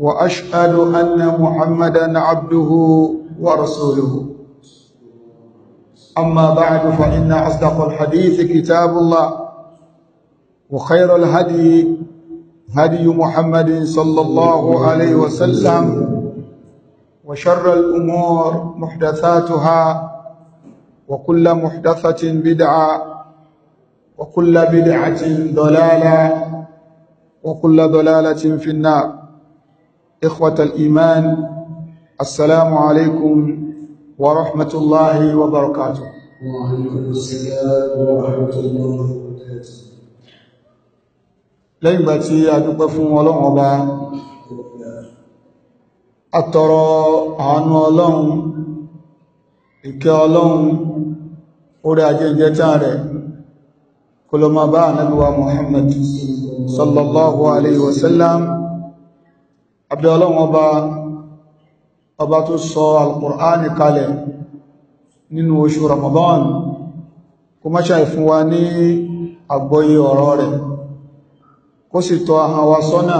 واشهد ان محمدا عبده ورسوله اما بعد فان اصدق الحديث كتاب الله وخير الهدي هدي محمد صلى الله عليه وسلم وشر الامور محدثاتها وكل محدثه بدعه وكل بدعه ضلاله وكل ضلاله في النار إخوة الإيمان السلام عليكم ورحمة الله وبركاته وعليكم السلام ورحمة الله وبركاته lẹ́yìn ìgbà tí a dúpẹ́ fún ọlọ́run ọba àtọrọ àánú ọlọ́run ìkẹ́ ọlọ́run orí ajé ìjẹta rẹ̀ kó lọ máa bá ànábì wa sallallahu alaihi wasallam abẹ́ ọlọ́run ọba ọba tó sọ alkùránì kalẹ̀ nínú oṣù ramadan kó mọ́ṣà ìfún wa ní àgbọ́yé ọ̀rọ̀ rẹ̀ kó sì tọ́ ahọ́n wa sọ́nà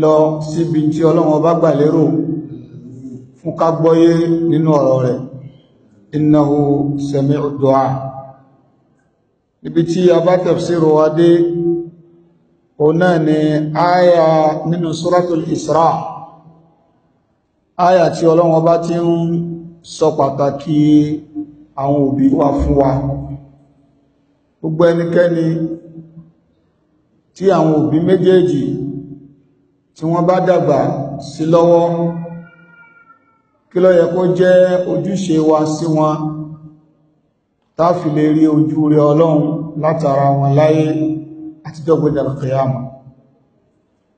lọ síbi tí ọlọ́run ọba gbà lérò fún ká gbọ́yé nínú ọ̀rọ̀ rẹ̀ innahu sami'ud du'a níbi tí a bá tafsiru òun náà ni àyà nínú suratul Isra aya tí Ọlọ́run Ọba ti ń sọ pàtàkì àwọn òbí wa fún wa gbogbo ẹnikẹ́ni tí àwọn òbí méjèèjì tí wọ́n bá dàgbà sí lọ́wọ́ kí ló yẹ kó jẹ́ wa sí wọn táfi lè rí ojú rẹ Ọlọ́run látara wọn láyé. La àti dọ́gbẹ̀dà kìyàmà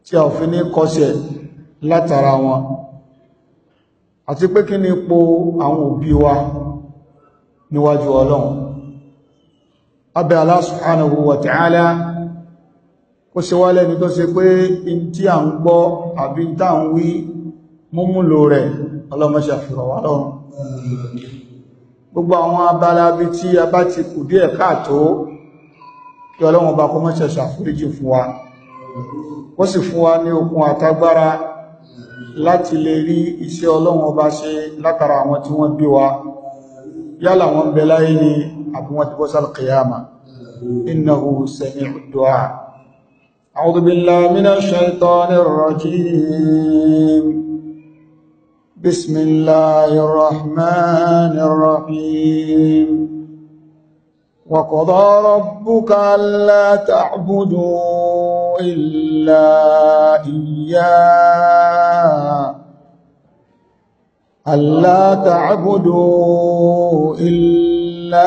tí a ò fi ní kọ́sẹ̀ látara wọn àti pé kí ni ipò àwọn òbí wa níwájú ọlọ́run abẹ́ Allah subhanahu wa ta'ala kó ṣe wá lẹ́ni tó ṣe pé in tí a ń gbọ́ àbí in tá ń wí múmúlò rẹ̀ ọlọ́mọṣà fìrọ̀ gbogbo àwọn abala tí a bá ti kù díẹ̀ káàtó kí ọlọ́run ọba kó mọ́ṣẹ̀ ṣàforíjì fún wa ó sì fún wa ní okun àtagbára láti lè rí iṣẹ́ ọlọ́run ọba ṣe látara àwọn tí wọ́n bí wa yálà wọ́n bẹ láyé ni àbí ti bọ́ kìyàmà innahu بسم الله الرحمن الرحيم وقضى ربك ألا تعبدوا إلا إياه ألا تعبدوا إلا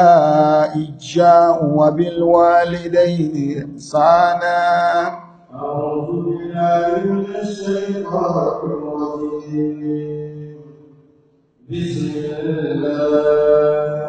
إياه وبالوالدين إحسانا أعوذ بالله من الشيطان الرجيم بسم الله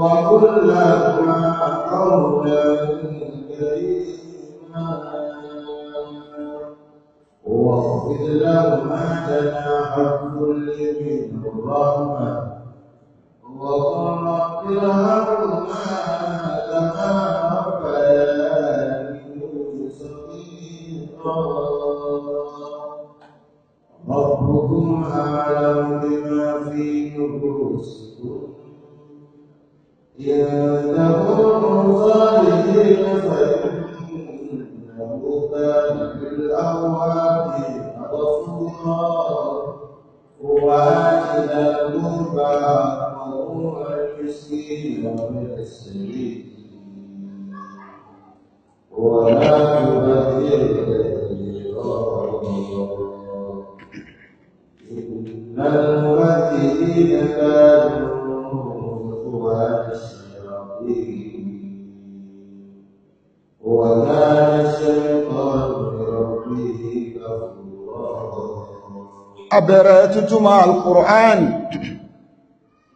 وكلهما قولا كريما واغفر لهما جناح الذل من الرحمه وقل رب ارحمهما كما ربياني صغيرا ربكم اعلم بما في نفوسكم إنه الظالمين فإنه كان بالأواب غفورا وآتنا القربى وهو المسكين ومن السبيل ولا àbẹ̀rẹ̀ tútúmọ̀ alkùrán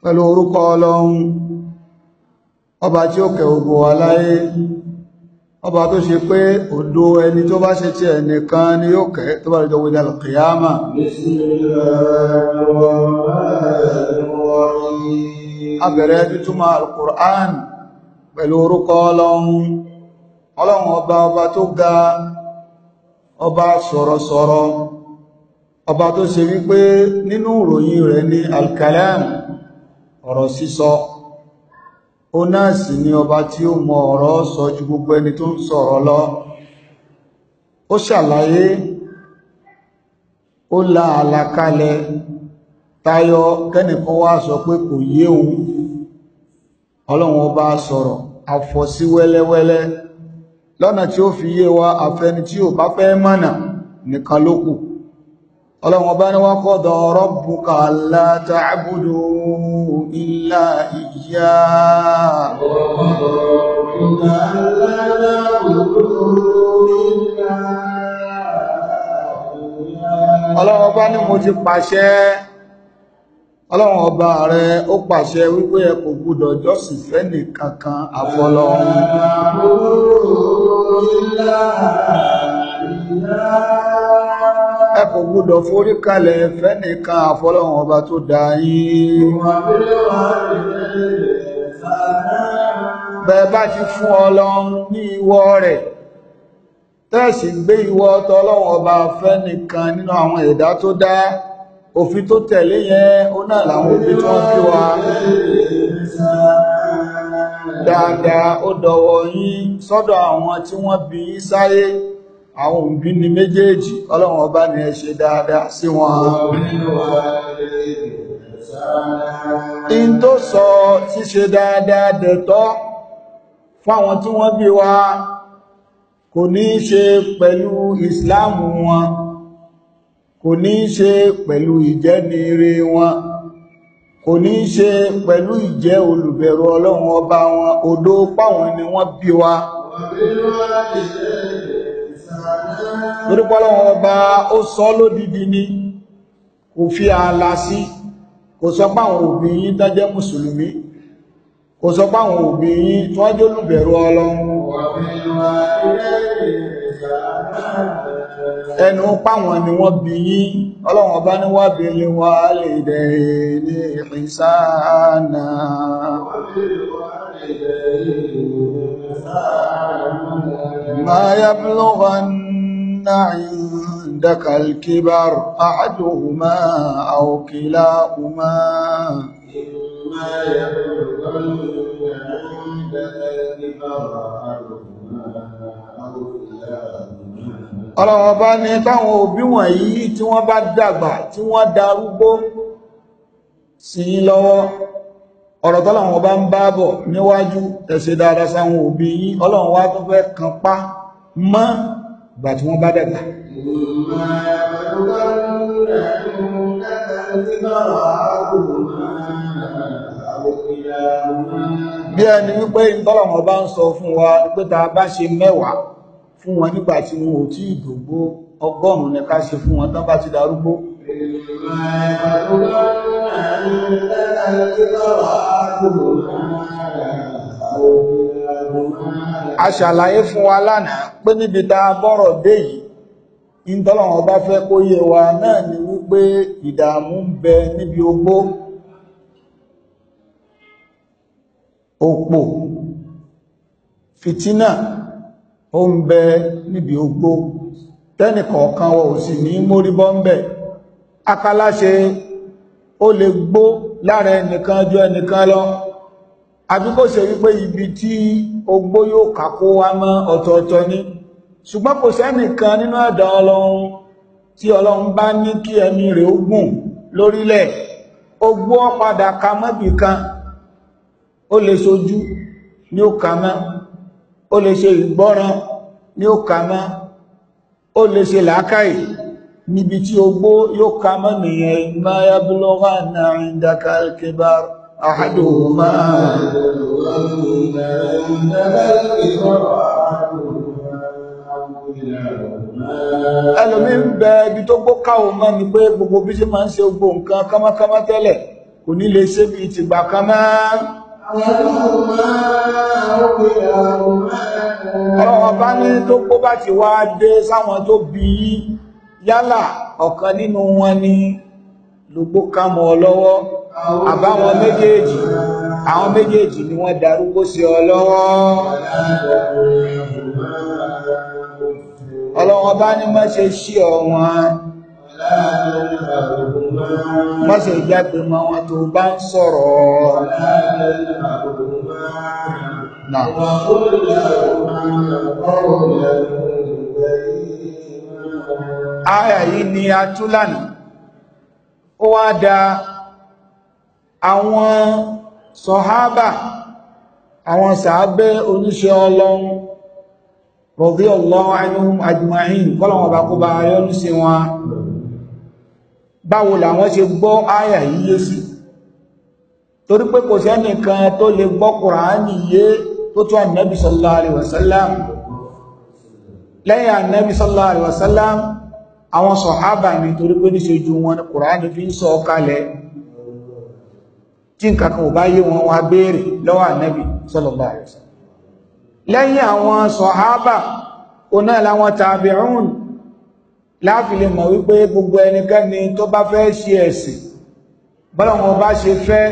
pẹ̀lú orúkọ ọlọ́run ọba tí ó kẹ ogun aláyé ọba tó ṣe pé òdo ẹni tó bá ṣe tí ẹnìkan ni yóò kẹ tó bá rẹjọ wíjà lọ́kìyàmà àbẹ̀rẹ̀ tútúmọ̀ alkùrán pẹ̀lú orúkọ ọlọ́run ọlọ́run ọba ọba tó ga ọba sọ̀rọ̀sọ̀rọ̀ ọba tó ṣe wípé nínú ìròyìn rẹ̀ ní alkalam ọ̀rọ̀ sísọ ó náà sì ni ọba tí ó mọ ọ̀rọ̀ sọ ju gbogbo ẹni tó ń sọ̀rọ̀ lọ ó ṣàlàyé ó la àlàkalẹ̀ tayọ kẹ́nìkan wá sọ pé kò yé òun ọlọ́run ọba sọ̀rọ̀ àfọ̀sí wẹ́lẹ́wẹ́lẹ́ lọ́nà tí ó fi yé wa àfẹni tí ò bá fẹ́ mọ̀nà nìkan ló kù ọlọ́run ọba ní wọ́n kọ́dọ̀ rabbuka alla ta'budu illa iya ọlọ́run ọba ní mo ti pàṣẹ ọlọ́run ọba rẹ̀ ó pàṣẹ wípé ẹ gbúdọ̀ jọ́sìn fẹ́ni kankan àfọlọ́run ẹ kò gbúdọ̀ forí kalẹ̀ fẹ́nìkan àfọlọ́run ọba tó dá yín. bẹ́ẹ̀ bá ti fún ọlọ́run ní ìwọ rẹ̀ tẹ́ẹ̀sì gbé ìwọ tọlọ́run ọba fẹ́nìkan nínú àwọn ẹ̀dá tó dá òfin tó tẹ̀lé yẹn ó náà làwọn òbí tí wọ́n fi wa dáadáa ó dọ̀wọ́ yín sọ́dọ̀ àwọn tí wọ́n bí sáyé àwọn òbí ni méjèèjì ọlọ́run ọba ni ẹ ṣe dáadáa sí wọn in tó sọ ṣíṣe dáadáa dẹ̀tọ́ fáwọn tí wọ́n bí wa kò ní ṣe pẹ̀lú ìsìláàmù wọn kò ní ṣe pẹ̀lú ìjẹ́niire wọn kò ní ṣe pẹ̀lú ìjẹ́ olùbẹ̀rù ọlọ́run ọba wọn odó páwọn ni wọ́n bí wa. Wọ́n torípọ́lọ́ ọba ó sọ lódìdí ni kò fi ààlà sí kò sọ páwọn òbí yín tó jẹ́ mùsùlùmí kò sọ páwọn òbí yín tó jẹ́ olùbẹ̀rù ọlọ́run ẹnu páwọn عندك الكبر أحدهما أو كلاهما إما يبلغن عندك الكبر أحدهما أو كلاهما ọlọ́wọ́ bá ní táwọn òbí wọ̀nyí tí wọ́n bá dàgbà tí wọ́n darúgbó sí lọ́wọ́ ọ̀rọ̀ tọ́lọ̀wọ́ bá ń bá bọ̀ níwájú ẹ dáadáa sáwọn òbí yín ọlọ́run wá tó fẹ́ kan pa mọ́ gbà tí wọ́n bá dàgbà. bí ẹni wípé ìtọ́lọ̀wọ̀n bá ń sọ fún wa pé ta bá ṣe mẹ́wàá fún wọn nígbà tí wọn ò tí ìdògbó ọgọ́rùn-ún ni ká ṣe fún wọn tán bá ti darúgbó Ìgbìmọ̀ a ṣàlàyé fún wa lánàá pé níbi tá a bọ́rọ̀ dé yìí ìtọ́lọ̀wọ̀n bá fẹ́ kó yé wa náà ni wípé ìdààmú ń bẹ níbi ogbó òpò fìtínà ó ń bẹ níbi ogbó tẹ́nìkọ̀ọ̀kan wọ ò ní mórí ń bẹ̀ akáláṣe ó lè gbó lára ẹnìkan ju ẹnìkan lọ àbí kó ṣe wípé ibi tí ogbó yóò kàkó wá mọ́ ọ̀tọ̀ọ̀tọ̀ ni ṣùgbọ́n kò sẹ́nìkan nínú ẹ̀dá ọlọ́run tí ọlọ́run bá ní kí ẹ̀mí rẹ̀ ó gùn lórílẹ̀ ogbó padà ka mọ́bì kan ó lè ṣojú ní ó kà mọ́ ó lè ṣe ìgbọ́ràn ní ó kà mọ́ ó lè ṣe làákàyè níbi tí ogbó yóò kà mọ́ nìyẹn ìmáyábúlọ́wà náà ìdákàlùkẹ́bàrù أحدهما ẹlòmí ń bẹ ibi tó gbó káwọn mọ́ ni pé gbogbo bí ṣe máa ń ṣe gbogbo nǹkan kámákámá tẹ́lẹ̀ kò ní lè ṣe bí tìgbà kan máa ọ̀rọ̀ bá ní tó kó bá ti wá dé sáwọn tó bí yálà ọ̀kan nínú wọn ni lógbó kámọ́ ọ lọ́wọ́ àbáwọn méjèèjì àwọn méjèèjì ni wọ́n darúgbó sí ọ lọ́wọ́ ọlọ́wọ́n bá ní mọ́ ṣe ṣí ọ mọ́ ṣe jágbe mọ́ wọn tó bá ń sọ̀rọ̀ náà yìí ni a tú lánàá ó wá da àwọn sọ̀hábà àwọn sàábẹ́ oníṣẹ́ ọlọ́run radiyallahu anhum ajma'in kọ́lọ̀wọ̀n bá kó bá yọ́nú sí wọn báwo làwọn ṣe gbọ́ áyà yíyé sí torí pé kò sẹ́nìkan tó lè gbọ́ Kùránì yé tó tó lẹ́yìn ànẹ́bí sallallahu alaihi àwọn sọ̀hábà mi torí pé níṣe ju wọn Kùránì fi ń sọ kalẹ̀ tí nǹkan kan ò bá yé wọn wá béèrè lọ́wọ́ ànábì sallallahu alaihi wasallam lẹ́yìn àwọn sọ̀hábà oná láwọn tàbíùn mọ̀ wípé gbogbo ẹnikẹ́ni tó bá fẹ́ ṣe ẹ̀sìn bọ́lọ̀wọ́n bá ṣe fẹ́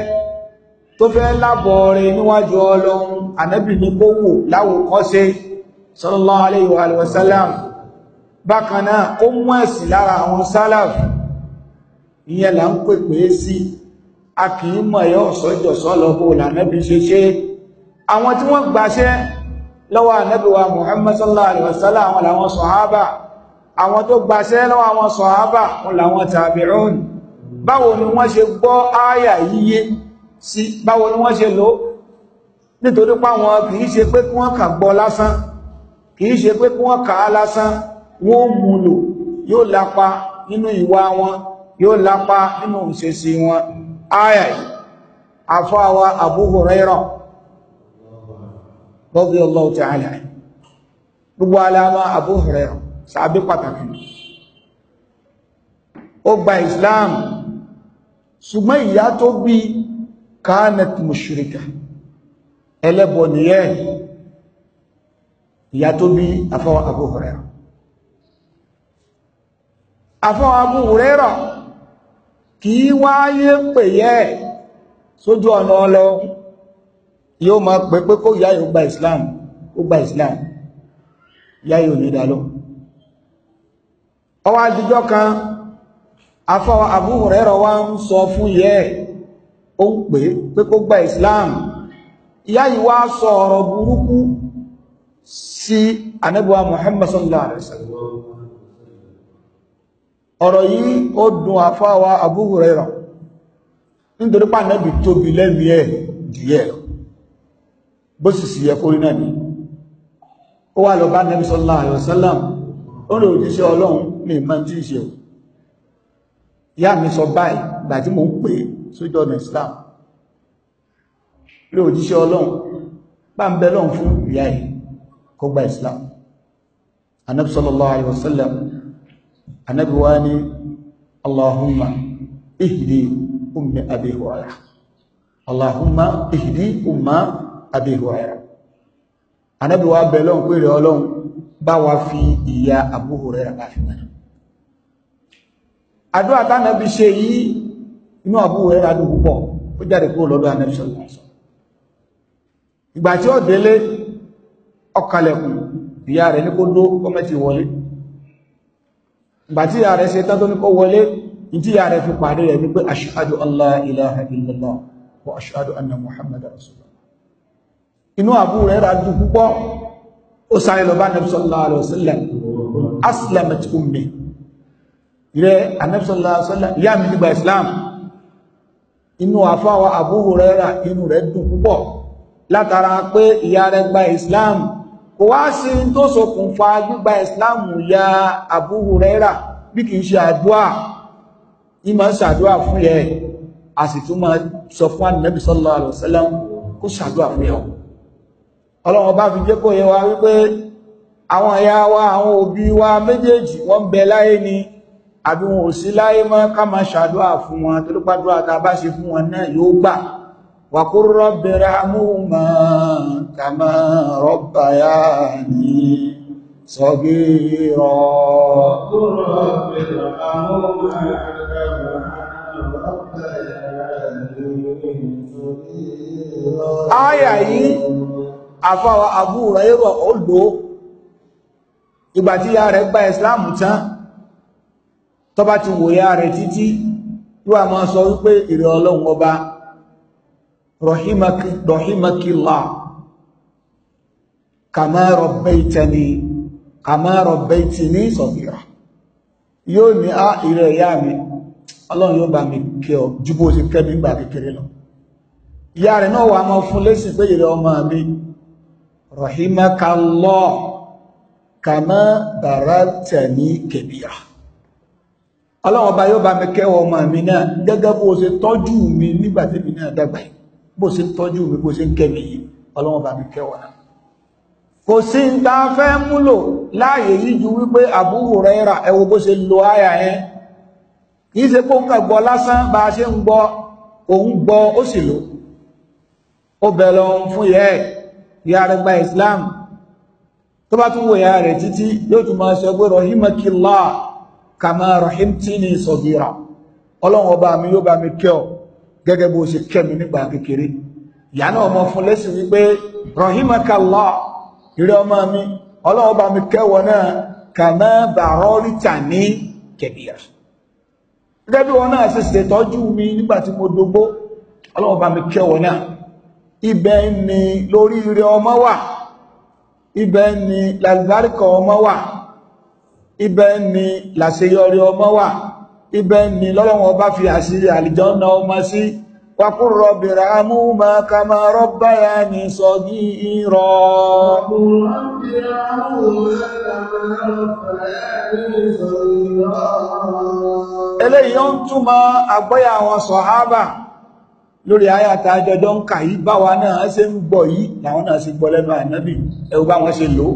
tó fẹ́ lábọ̀ rẹ̀ níwájú ọlọ́run ànábì ní kó wò láwòkọ́ṣe sallallahu alaihi wasallam bákanáà ó mú ẹ̀sìn lára àwọn sálàf ìyẹn là ń pèpè sí a kì í mọ̀ ẹ̀yọ́ ọ̀sọ́jọ̀sọ́ lọ́bọ̀ lànẹ́bí ṣe ṣe àwọn tí wọ́n gbaṣẹ́ lọ́wọ́ ànẹ́bí wa Muhammad sallallahu alaihi wasallam ṣe pé kí wọ́n kà á lásán wọ́n mú lò yóò lápa nínú ìwà wọn yóò lápa nínú ìṣesí wọn ayà yìí afáwa Abu Hurairah radiyallahu ta'ala gbogbo alama Abu Hurairah sàbí pàtàkì ó gba Islam ṣùgbọ́n ìyá tó bí kanat mushrika ẹlẹ́bọ̀ nìyẹn ìyá tó bí afáwa Abu Hurairah àfọwọ́ Abu Huraira kì í wáyé pèyẹ́ sójú ọ̀nà ọlọ yóò máa pè pé kó ìyá yóò gba Islam ó gba Islam ìyá yóò ní ìdálọ́ ọwọ́ àjíjọ́ kan àfọwọ́ Abu Huraira wá ń sọ fún yẹ́ ó ń pè pé kó gba Islam ìyá yìí wá sọ ọ̀rọ̀ burúkú sí anábíwá Muhammad sallallahu alaihi wasallam ọ̀rọ̀ yìí ó dùn àfáwà Abu Hurairah nítorí pàánàbì tóbi lẹ́mí ẹ̀ díẹ̀ bó sì sì yẹ kórí náà ni ó wà lọ bá nẹ́bí sallallahu alaihi wasallam ó rẹ̀ òjíṣẹ́ ọlọ́run ní ìmọ̀ tí ìṣe ò ìyá mi sọ báyìí ìgbà tí mo ń pè sójú ọ̀nà Islam rẹ̀ òjíṣẹ́ ọlọ́run bá ń bẹ lọ́run fún ìyá ẹ̀ kó gba Islam anẹ́bí sallallahu alaihi anábì wá ní allahumma ihdi ummi abi hurairah allahumma ihdi umma abi hurairah anábì wá bẹ̀ lọ́n pèrè ọlọ́run bá wa fi ìyá abu hurairah bá fi mẹ́rin àdúrà tánàbí ṣe yìí inú abu hurairah dùn púpọ̀ ó jáde kúrò lọ́dọ̀ anábì sallallahu alaihi wasallam ìgbà tí ó délé ọkàlẹ̀kùn ìyá rẹ̀ ní kó dó ọmọ ti wọlé ìgbà tí ìyá rẹ̀ ṣe tán tó ní kó wọlé ìtí ìyá rẹ̀ fi pàdé rẹ̀ wípé ashhadu allah ilaha illallah wa ashhadu anna muhammad rasulullah inú àbú rẹ̀ rà dùn púpọ̀ ó sáré lọ bá nabi sallallahu ìyá rẹ̀ gba islam kò wá sí tó ṣokùnfà gbígba ìsìláàmù ya Abu Huraira bí kìí ṣe àdúà ìmọ̀ ṣàdúà fún yẹ a sì tún máa sọ fún ànàbì sallallahu alaihi wasallam kó ṣàdúà fún yẹ ọlọ́run bá fi jẹ́ kó yé wa wípé àwọn ìyá wa àwọn òbí wa méjèèjì wọ́n ń bẹ láyé ni àbí wọn ò sí láyé mọ́ ká máa ṣàdúà fún wọn torípàdúà tá a bá ṣe fún wọn náà yóò gbà وقل رب ارحمهما كما ربياني صغيرا قل رب ارحمهما كما ربياني آية yìí àfáwà Abu Hurairah ó lò ìgbà tí ya rẹ̀ gba ìsìláàmù tán tó bá ti wòye rẹ̀ títí yóò máa sọ wípé ìrẹ̀ ọlọ́run ọba rahimaki rahimakillah kama rabbaytani kama rabbaytini sọ̀fìrà yóò ní á ìrẹ̀ ìyá mi ọlọ́run yóò bá mi kí ọ ju bó ṣe kẹ́mi gbà kékeré lọ ìyá rẹ̀ náà wà mọ́ fún lésì pé ìrẹ̀ ọmọ mi rahimakallah kama darabtani kabira ọlọ́run ọba yóò bá mi kẹ́wọ́ ọmọ mi náà gẹ́gẹ́ bó ṣe tọ́jú mi nígbà tèmi náà dàgbà yìí bó ṣe tọ́jú mi bó ṣe ń kẹ́ mi yìí ọlọ́wọ́n bá mi kẹwàá náà kò sí ń ta fẹ́ múlò láàyè yìí ju wípé Abu Huraira ẹ wo bó ṣe lo àyà yẹn kìí ṣe kó ń kà gbọ́ lásán bá a ṣe ń gbọ́ òun gbọ́ ó sì lò ó bẹ̀rẹ̀ ohun fún yẹ ìyá rẹ̀ gba Islam tó bá tún wo ìyá rẹ̀ títí yóò tún máa sọ pé rahimakillah kàmá rahimtini sọ̀gìrà ọlọ́run ọba mi yóò bá mi kẹ́ ọ gẹ́gẹ́ bó ṣe kẹ́mi nígbà kékeré ìyá náà ọmọ fún lẹ́sìn wípé rahimakallah ìrẹ́ ọmọ mi ọlọ́wọ́ bá mi kẹ́wọ̀ náà kàmá bàrọ́rìtà ní kẹbíyà gẹ́gẹ́ bí wọn náà ṣe ṣe tọ́jú mi nígbà tí mo dogbó ọlọ́wọ́ bá mi kẹ́wọ̀ náà ibẹ̀ ni lórí ìrẹ́ ọmọ wà ibẹ̀ ni làlùbáríkà ọmọ wà ibẹ̀ ni làṣeyọrí ọmọ wà ibẹ̀ ni lọ́lọ́wọ́ bá fi àṣírí àlìjọ́nà ọmọ sí wàkúrò rọ̀bìrà mú ma ká ma rọ́bà yá ní sọ́gí ìrọ̀ eléyìí ó ń túmọ̀ àgbọ́yà àwọn sọ̀hábà lórí ayàtà àjọjọ́ ń kà yí báwa náà ṣe ń gbọ́ yìí làwọn náà ṣe gbọ́ lẹ́nu ànábì ẹwù báwọn ṣe lò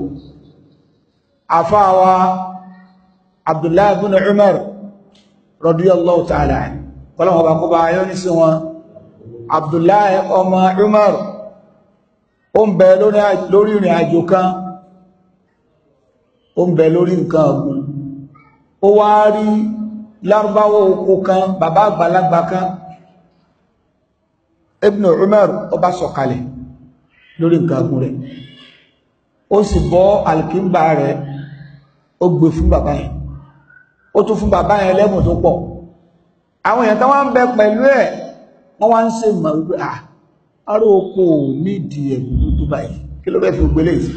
àfáà wa Abdullahi bin Umar radiyallahu ta'ala kọ́lọ́wọ́ bá kó bá ayọ́ ní sí wọn abdullahi ọmọ umar ó ń bẹ lórí ìrìn àjò kan ó ń bẹ lórí nǹkan ọ̀gbìn ó wá rí lárúbáwọ́ oko kan bàbá àgbàlagbà kan ibn umar ó bá sọ̀kalẹ̀ lórí nǹkan ọ̀gbìn rẹ̀ ó sì bọ́ alkimba rẹ̀ ó gbé fún bàbá yìí ó tún fún bàbá yẹn lẹ́bùn tó pọ̀ àwọn èèyàn tán wá ń bẹ pẹ̀lú ẹ̀ wọ́n wá ń ṣe mọ̀ wípé à aró oko ò nídìí ẹ̀bùn tó báyìí kí ló fẹ́ fi gbélé yìí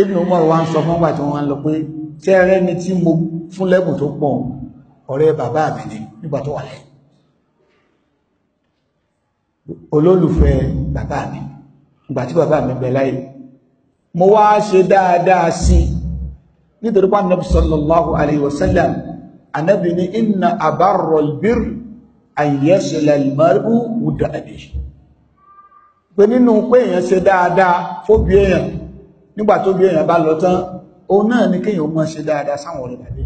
Ibn Umar wá ń sọ fún wàtí wọ́n lọ pé tẹ́ ẹrẹ́ ni tí mo fún lẹ́bùn tó pọ̀ ọ̀rẹ́ bàbá mi ni nígbà tó wà lẹ́yìn olólùfẹ́ bàbá mi ìgbà tí bàbá mi bẹ láyé mo wá ṣe dáadáa sí i nítorí pé anabi sallallahu alayhi wa sallam anabi ní inna abarro albir ayẹsẹlẹ almaru wuda abi pé nínú pé èèyàn ṣe dáadáa fóbi èèyàn nígbà tó bí èèyàn bá lọ tán òun náà ni kéèyàn máa ṣe dáadáa sáwọn ọ̀rẹ́ dàbí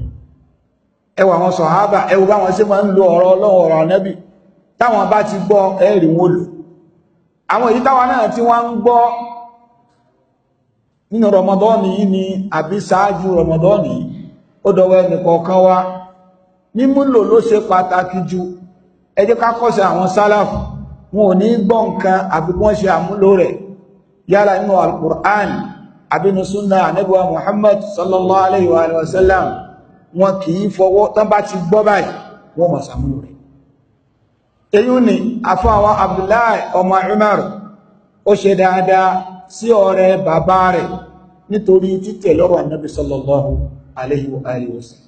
ẹwà àwọn sọ̀hábà ẹwù báwọn ṣe máa ń lo ọ̀rọ̀ ọlọ́run ọ̀rọ̀ ànábì táwọn bá ti gbọ́ ẹ̀rì wọn lò àwọn èyí táwọn náà tí wọ́n ń gbọ́ nínú rọmọdọ́ọ̀nì yìí ni àbí ṣáájú rọmọdọ́ọ̀nì yìí ó dọwọ́ ẹnìkọ̀ọ̀kan wá mímúlò ló ṣe pàtàkì ju ẹ jẹ́ ká kọ́ṣẹ́ àwọn sálàfù wọn ò ní gbọ́ nǹkan àbí wọ́n ṣe àmúlò rẹ̀ yálà nínú alukur'an àbí nínú sunna anabiwa muhammad sallallahu alayhi wa sallam wọn kì í fọwọ́ tán bá ti gbọ́ báyìí wọ́n mọ̀ sàmúlò rẹ̀ èyí ni àfọ àwọn abdullahi ọmọ umar ó ṣe dáadáa sí ọ̀rẹ́ bàbá rẹ̀ nítorí títẹ̀ lọ́rọ̀ ànábì sallallahu alayhi wa alihi wa sallam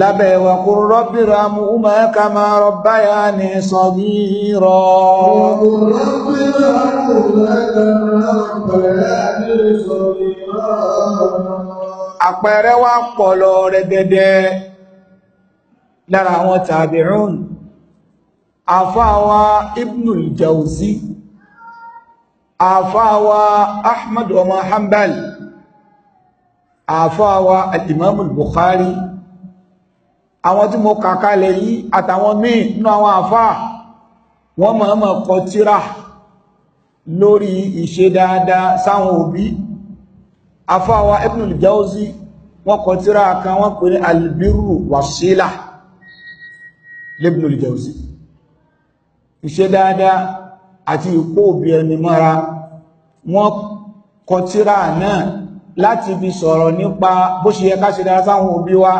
lábẹ́ wa qur rabbi irhamhuma kama rabbayani saghira àpẹẹrẹ wa pọ̀ lọ rẹ̀gẹ̀dẹ̀ lára àwọn tàbíùn àfáà wa Ibnul Jawzi àfáwa ahmad ọmọ hanbal àfáwa alìmọ́mù bukhari àwọn tí mo kàkalẹ̀ yìí àtàwọn míì nínú àwọn àfáà wọ́n máa máa kọ tírà lórí ìṣe dáadáa sáwọn òbí àfáwa ibn al wọ́n kọ tírà kan wọ́n pè ní albiru wasila libn al ìṣe dáadáa àti ìkó òbí ẹni mọ́ra wọ́n kọtíra náà láti fi sọ̀rọ̀ nípa bó ṣe yẹ ká ṣe dára sáwọn òbí wa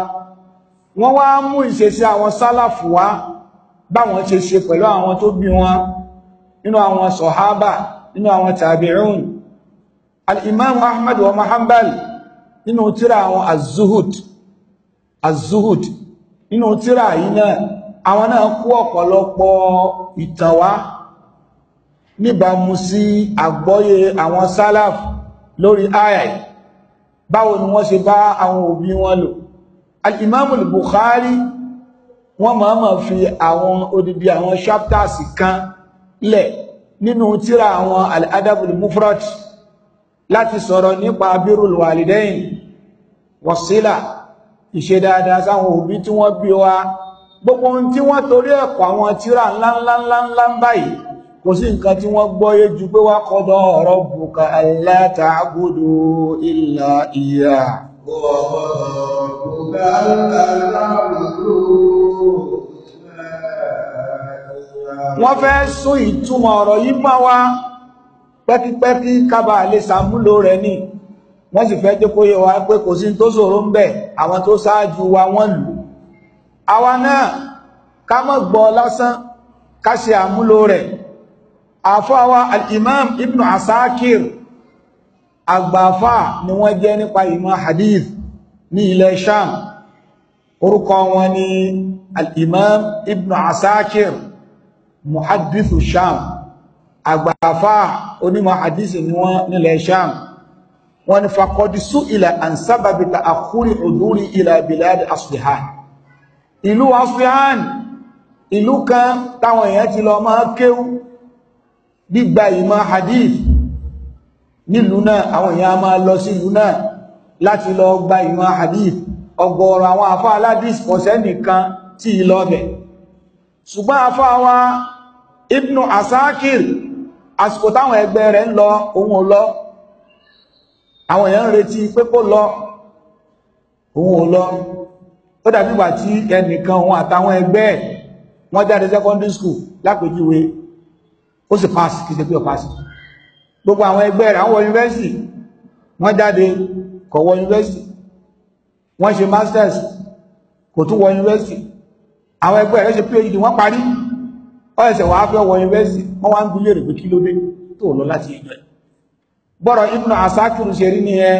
wọ́n wá mú ìṣesí àwọn sálàfù wá báwọn ṣe ṣe pẹ̀lú àwọn tó bí wọn nínú àwọn sọ̀hábà nínú àwọn tàbí'un al-imam wa mahambal nínú tíra àwọn az-zuhud az-zuhud nínú tíra yìí náà àwọn náà kó ọ̀pọ̀lọpọ̀ ìtàn níbàámu sí àgbọ́yé àwọn sálàf lórí àyà yìí báwo ni wọ́n ṣe bá àwọn òbí wọn lò al-imam bukhari wọ́n máa ma fi àwọn odidi àwọn chapters kan lẹ̀ nínú tírà àwọn al-adabul mufrad láti sọ̀rọ̀ nípa birul walidain wasila ìṣe dáadáa sáwọn òbí tí wọ́n bí wa gbogbo ohun tí wọ́n torí ẹ̀kọ́ àwọn tírà ńláńláńláńlá báyìí kò sí nǹkan tí wọ́n gbọ́yé ju pé wá kọ́dọ̀ rabbuka alla ta'budu illa iya wọ́n fẹ́ sún ìtumọ̀ ọ̀rọ̀ yìí mọ́ wá pẹ́kípẹ́kí kábà lè sàmúlò rẹ̀ ní wọ́n sì fẹ́ jẹ́ kó yé wa pé kò sí tó ṣòro ń bẹ̀ àwọn tó ṣáájú wa wọ́n lù àwa náà ká mọ́ gbọ́ lásán ká ṣe àmúlò rẹ̀ àfáwà al-imam ibn asakir àgbàfà ni wọ́n jẹ́ nípa ìmọ̀ hadith ní ilẹ̀ sham orúkọ wọn ni al-imam ibn asakir muhaddithu sham àgbàfà onímọ̀ hadith ni wọ́n nílẹ̀ sham wọ́n ní fakọdísú ilẹ̀ ansababita àkúrí òdúrí ilẹ̀ bilad aslihan ìlú aslihan ìlú kan táwọn èèyàn ti lọ máa kéwú gbígba ìmọ̀ hadith nílùú náà àwọn èèyàn máa lọ sí ìlú náà láti lọ gba ìmọ̀ hadith ọ̀gọ̀ọ̀rọ̀ àwọn àfá aládìs kọ̀sẹ́ nìkan tí ìlọ́bẹ̀ ṣùgbọ́n àfá wa ibnu asakir àsìkò táwọn ẹgbẹ́ rẹ̀ ń lọ òun ò lọ àwọn èèyàn ń retí pé kó lọ òun ò lọ ó dàbí ìgbà tí ẹnìkan òun àtàwọn ẹgbẹ́ wọ́n jáde secondary school lápèjúwe ó sì pàṣì kìí ṣe pé ọ̀pàṣì gbogbo àwọn ẹgbẹ́ rẹ̀ àwọn wọ yunifásitì wọ́n jáde kò wọ yunifásitì wọ́n ṣe masters kò tún wọ yunifásitì àwọn ẹgbẹ́ rẹ̀ ṣe phd wọ́n parí ó ẹsẹ̀ wàá fẹ́ wọ yunifásitì wọ́n wá ń gúlé rẹ̀ pé kí ló dé tó lọ láti ìjọ gbọ́rọ̀ Ibn Asakir ṣe rí nìyẹn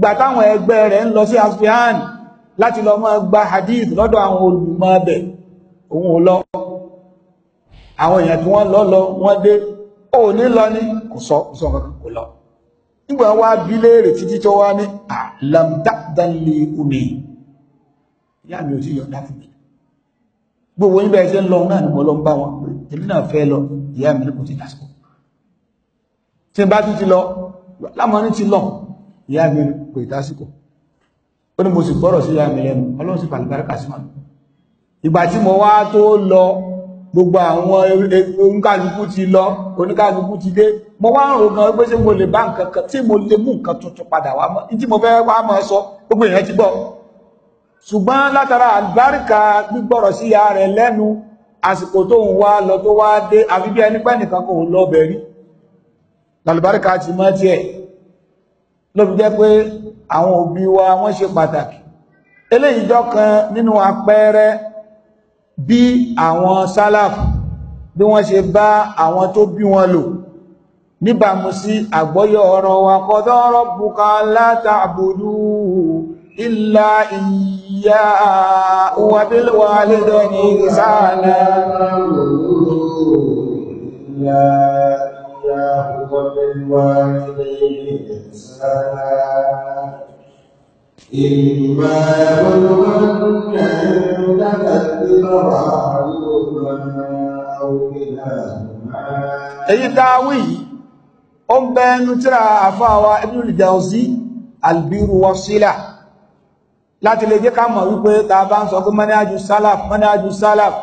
gbà táwọn ẹgbẹ́ rẹ̀ ń lọ sí asfihan láti lọ máa gba hadith lọ́dọ̀ àwọn olùmọ̀ abẹ òun ò lọ àwọn èèyàn tí wọ́n lọ lọ wọ́n dé ó ní lọ ní kò sọ sọ kankan kò lọ nígbà wá bí léèrè títí tó wá ní àlàmdádánlé omi ìyá mi ò sí yọ̀ǹda fún mi gbogbo yín bẹ́ẹ̀ ṣe ń lọ náà ni mo lọ ń bá wọn pé èmi náà fẹ́ lọ ìyá mi kò ti dàsìkò tí bá tún ti lọ lámọ́ní ti lọ ìyá mi kò ìdásìkò ó ní mo sì gbọ́rọ̀ sí ìyá mi lẹ́nu ọlọ́run sì fàlùbáràkà sí wọn ìgbà tí mo wá tó lọ gbogbo àwọn oníkàlùkù ti lọ oníkàlùkù ti dé mo wá ń rògàn pé ṣé mo lè bá nǹkan kan tí mo lè mú nǹkan tuntun padà wá mọ́ tí mo fẹ́ wá mọ́ sọ gbogbo èèyàn ti gbọ́ ṣùgbọ́n látara àlùbáríkà gbígbọ́rọ̀ sí ya rẹ̀ lẹ́nu àsìkò tó ń wá lọ tó wá dé àfi bí ẹni pẹ́ nìkan kò lọ bẹ̀rí làlùbáríkà ti mọ́ tiẹ̀ ló fi jẹ́ pé àwọn òbí wa wọ́n ṣe pàtàkì eléyìí jọ kan nínú àpẹẹrẹ bí àwọn sálàfù bí wọ́n ṣe bá àwọn tó bí wọn lò níbàmú sí àgbọ́yọ̀ ọ̀rọ̀ wa qada rabbuka la ta'budu illa iyya wa bil walidayni ihsana Ìyá إما يبلغن عندك الكبر أحدهما أو كلاهما أي داوي أم بين ترى أفاوى ابن الجوزي البير والصلة láti lè jẹ́ ká mọ̀ wípé ta bá ń sọ pé mọ́níájú sálàf mọ́níájú sálàf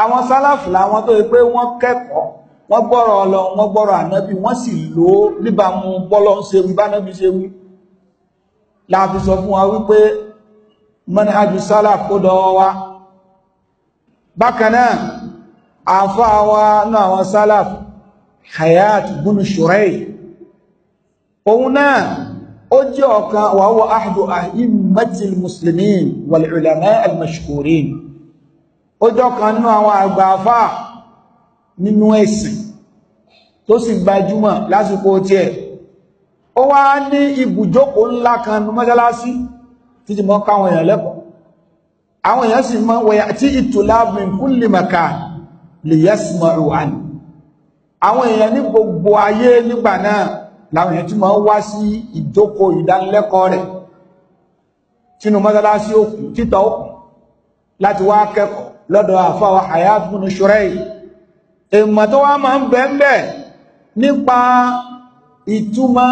àwọn sálàf làwọn tó yẹ pé wọ́n kẹ́kọ̀ọ́ wọ́n gbọ́rọ̀ ọlọ́run wọ́n gbọ́rọ̀ ànábì wọ́n láàfi sọ fún wa wípé mọ́ni ajùsálà kó dọ́wọ́ wá bákanáà àfáà wa náà àwọn sálàf hayat bunu ṣùrẹ́ òun náà ó jẹ́ ọ̀kan wa huwa ahdu a'immatil muslimin wal ulama al mashhurin ó jẹ́ ọ̀kan nínú àwọn àgbà nínú ẹ̀sìn tó sì gbajúmọ̀ lásìkò tiẹ̀ ó wá ní ibùjókòó ńlá kan ní mọ́ṣáláṣí tí ti mọ́ káwọn èèyàn lẹ́kọ̀ọ́ àwọn èèyàn sì mọ́ wẹ̀yà tí ìtùlá min kulli makan li yasma'u an àwọn èèyàn ní gbogbo ayé nígbà náà láwọn èèyàn tí ma ń wá sí ìjókòó ìdánilẹ́kọ̀ọ́ rẹ̀ tínú mọ́sálásí òkú títọ̀ òkú láti wá kẹ́kọ̀ọ́ lọ́dọ̀ àfáwà àyàfúnú ṣúrẹ́ yìí èèmọ̀ tó wá máa ń bẹ́ẹ̀ nípa ìtumọ̀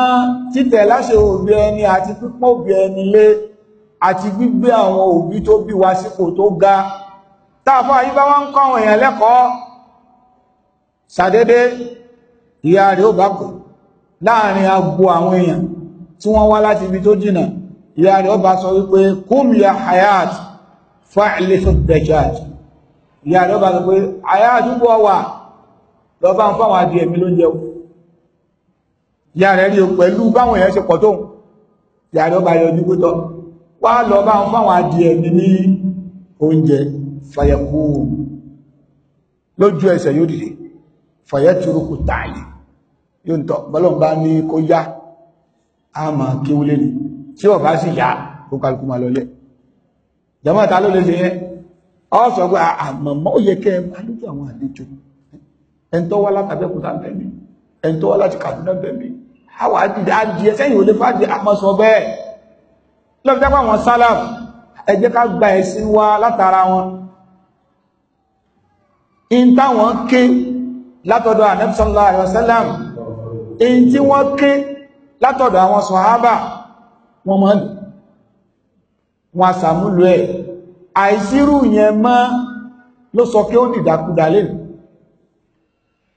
títẹ̀ láṣẹ òbí ẹni àti pípọ́n òbí ẹni lé àti gbígbé àwọn òbí tó bí wa sípò tó ga táàfà yí bá wọ́n ń kọ́ àwọn èèyàn lẹ́kọ̀ọ́ sàdédé ìyá rẹ̀ ó bá kò láàrin agbo àwọn èèyàn tí wọ́n wá láti ibi tó jìnà ìyá rẹ̀ ó bá sọ wípé kum ya hayat fa'lifu dajjal ìyá rẹ̀ ó bá sọ pé hayat ń bọ̀ wà lọ bá ń fáwọn adìẹ mi lóúnjẹ ìyá rẹ̀ rí o pẹ̀lú báwọn èèyàn ṣe pọ̀ tó ìyá rẹ̀ ọba yọjú pẹ́tọ́ wá lọ bá wọn fáwọn adìẹ mi ní oúnjẹ fàyẹ̀kú lójú ẹsẹ̀ yóò dìde fàyẹ̀túrúkù tààlì yóò ń tọ́ bọ́lọ̀ bá a máa kéwúlé ni tí ò bá sì yá kó kálukú máa láti Kàdúná bẹ́ẹ̀ àwà dìde adìẹ sẹ́yìn òde fàájì àmọ́sọ bẹ́ẹ̀ lọ́pọ̀ jápá wọn sálàf ẹ jẹ́ ká gba ẹ̀sìn wa látara wọn in táwọn ké látọ̀dọ̀ Ànábì sallallahu alaihi wasallam in tí wọ́n ké látọ̀dọ̀ àwọn sọ̀hábà wọn mọ́ wọn sàmúlò ẹ̀ àìsírù yẹn mọ́ ló sọ kí ó dìdàkudà lẹ́nu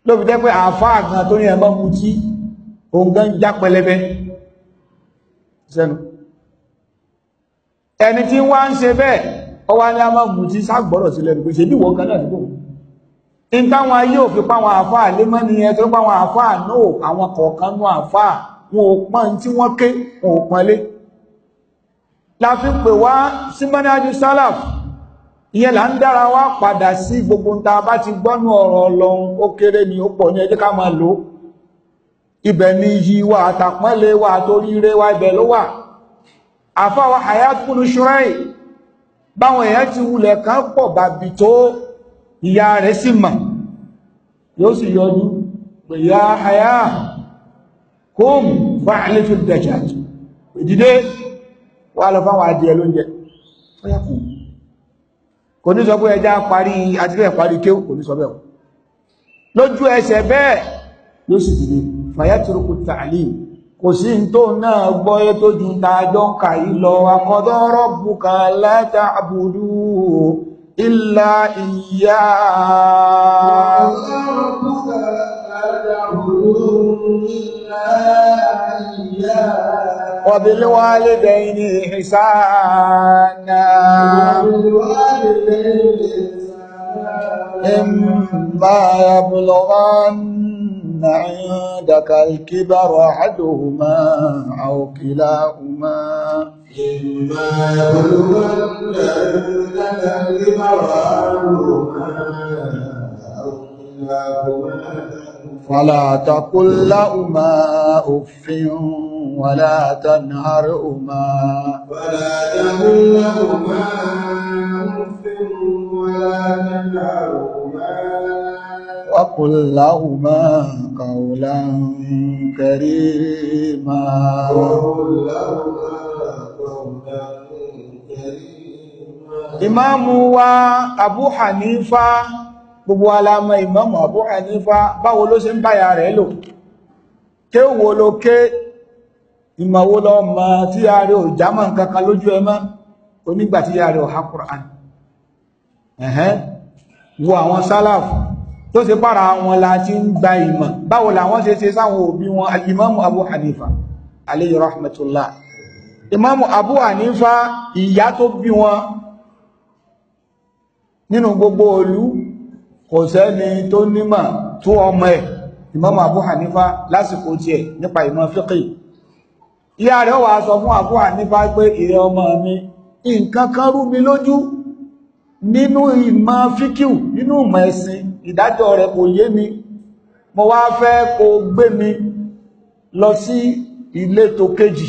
ló fi jẹ́ pé àáfàá kan tó ní ẹ̀mọ́ mutí oǹgán já pẹlẹbẹ sẹ́nu ẹni tí wá ń ṣe bẹ́ẹ̀ ọwá ní a máa gùn tí ságbọ́rọ̀ sí lẹ́nu pé ṣe bí wọ́n kan náà dúgbò in táwọn ayé òfin páwọn àfáà lé mọ́ ni ẹ̀tọ́ páwọn àfáà náà àwọn kọ̀ọ̀kan náà àfáà wọn ò pọ́n tí wọ́n ké wọn ò pọ́n lé la fi pè wá sí mọ́nájú sálàf ìyẹn là ń dára wá padà sí gbogbo ta bá ti gbọ́nú ọ̀rọ̀ Ọlọ́run ó kéré ni ó pọ̀ ní ẹjẹ́ ká máa lò ó ibẹ̀ ni yí wa àtàpẹ́lẹ̀ wa àtoríire wa ibẹ̀ ló wà àfáwà àyàtúnú ṣúráì báwọn èèyàn ti wulẹ̀ kan pọ̀ bàbí tó ìyá rẹ̀ sì mọ̀ yóò sì yọjú pẹ̀yà àyà kóm bá àlefẹ́ dẹ̀jà ìdídé wà lọ fáwọn adìẹ lóúnjẹ kò ní sọ pé ẹjá parí àti parí kéw kò ní sọ bẹ́ẹ̀ lójú ẹsẹ̀ bẹ́ẹ̀ yóò sì dìde fàyàtìrùkù tààlì kò sí tó náà gbọ́yé tó ju tààjọ́ kàí lọ akọ́dọ́ rọ́bùkà látàbùdú ìlà ìyá وبالوالدين إحسانا وبالوالدين إما يبلغن عندك الكبر أحدهما أو كلاهما إما يبلغن عندك الكبر أحدهما أو كلاهما فلا تقل لهما أف ولا تنهرهما ولا تقل لهما أف وقل لهما قولا كريما ìmáàmù wa Abu Hanifa gbogbo alamọ ìmáàmù Abu Hanifa báwo ló ṣe ń báyà rẹ̀ lò ké wo ló ké ìmọ̀wó lọ mọ̀ tí rẹ̀ ò jámọ̀ nǹkankan lójú ẹmọ́ onígbàtí a rẹ̀ ò ha Kùránì ẹ̀hẹ́n wo àwọn sálàf tó ṣe pára wọn la ti ń gba ìmọ̀ báwo làwọn ṣe ṣe sáwọn òbí wọn alimamu abu hanifa alayhi rahmatullah imamu abu hanifa ìyá tó bí wọn nínú gbogbo olú kò sẹ́ni tó nímọ̀ tó ọmọ ẹ̀ imamu abu hanifa lásìkò tiẹ̀ nípa ìmọ̀ fíkì ìyá rẹ̀ wà sọ fún abu hanifa pé ìrẹ ọmọ mi nǹkan kan rú mi lójú nínú ìmọ̀ fíkíù nínú ìmọ̀ ẹ̀sìn ìdájọ́ rẹ̀ kò yé mi mo wá fẹ́ kó gbé mi lọ sí ìletò kejì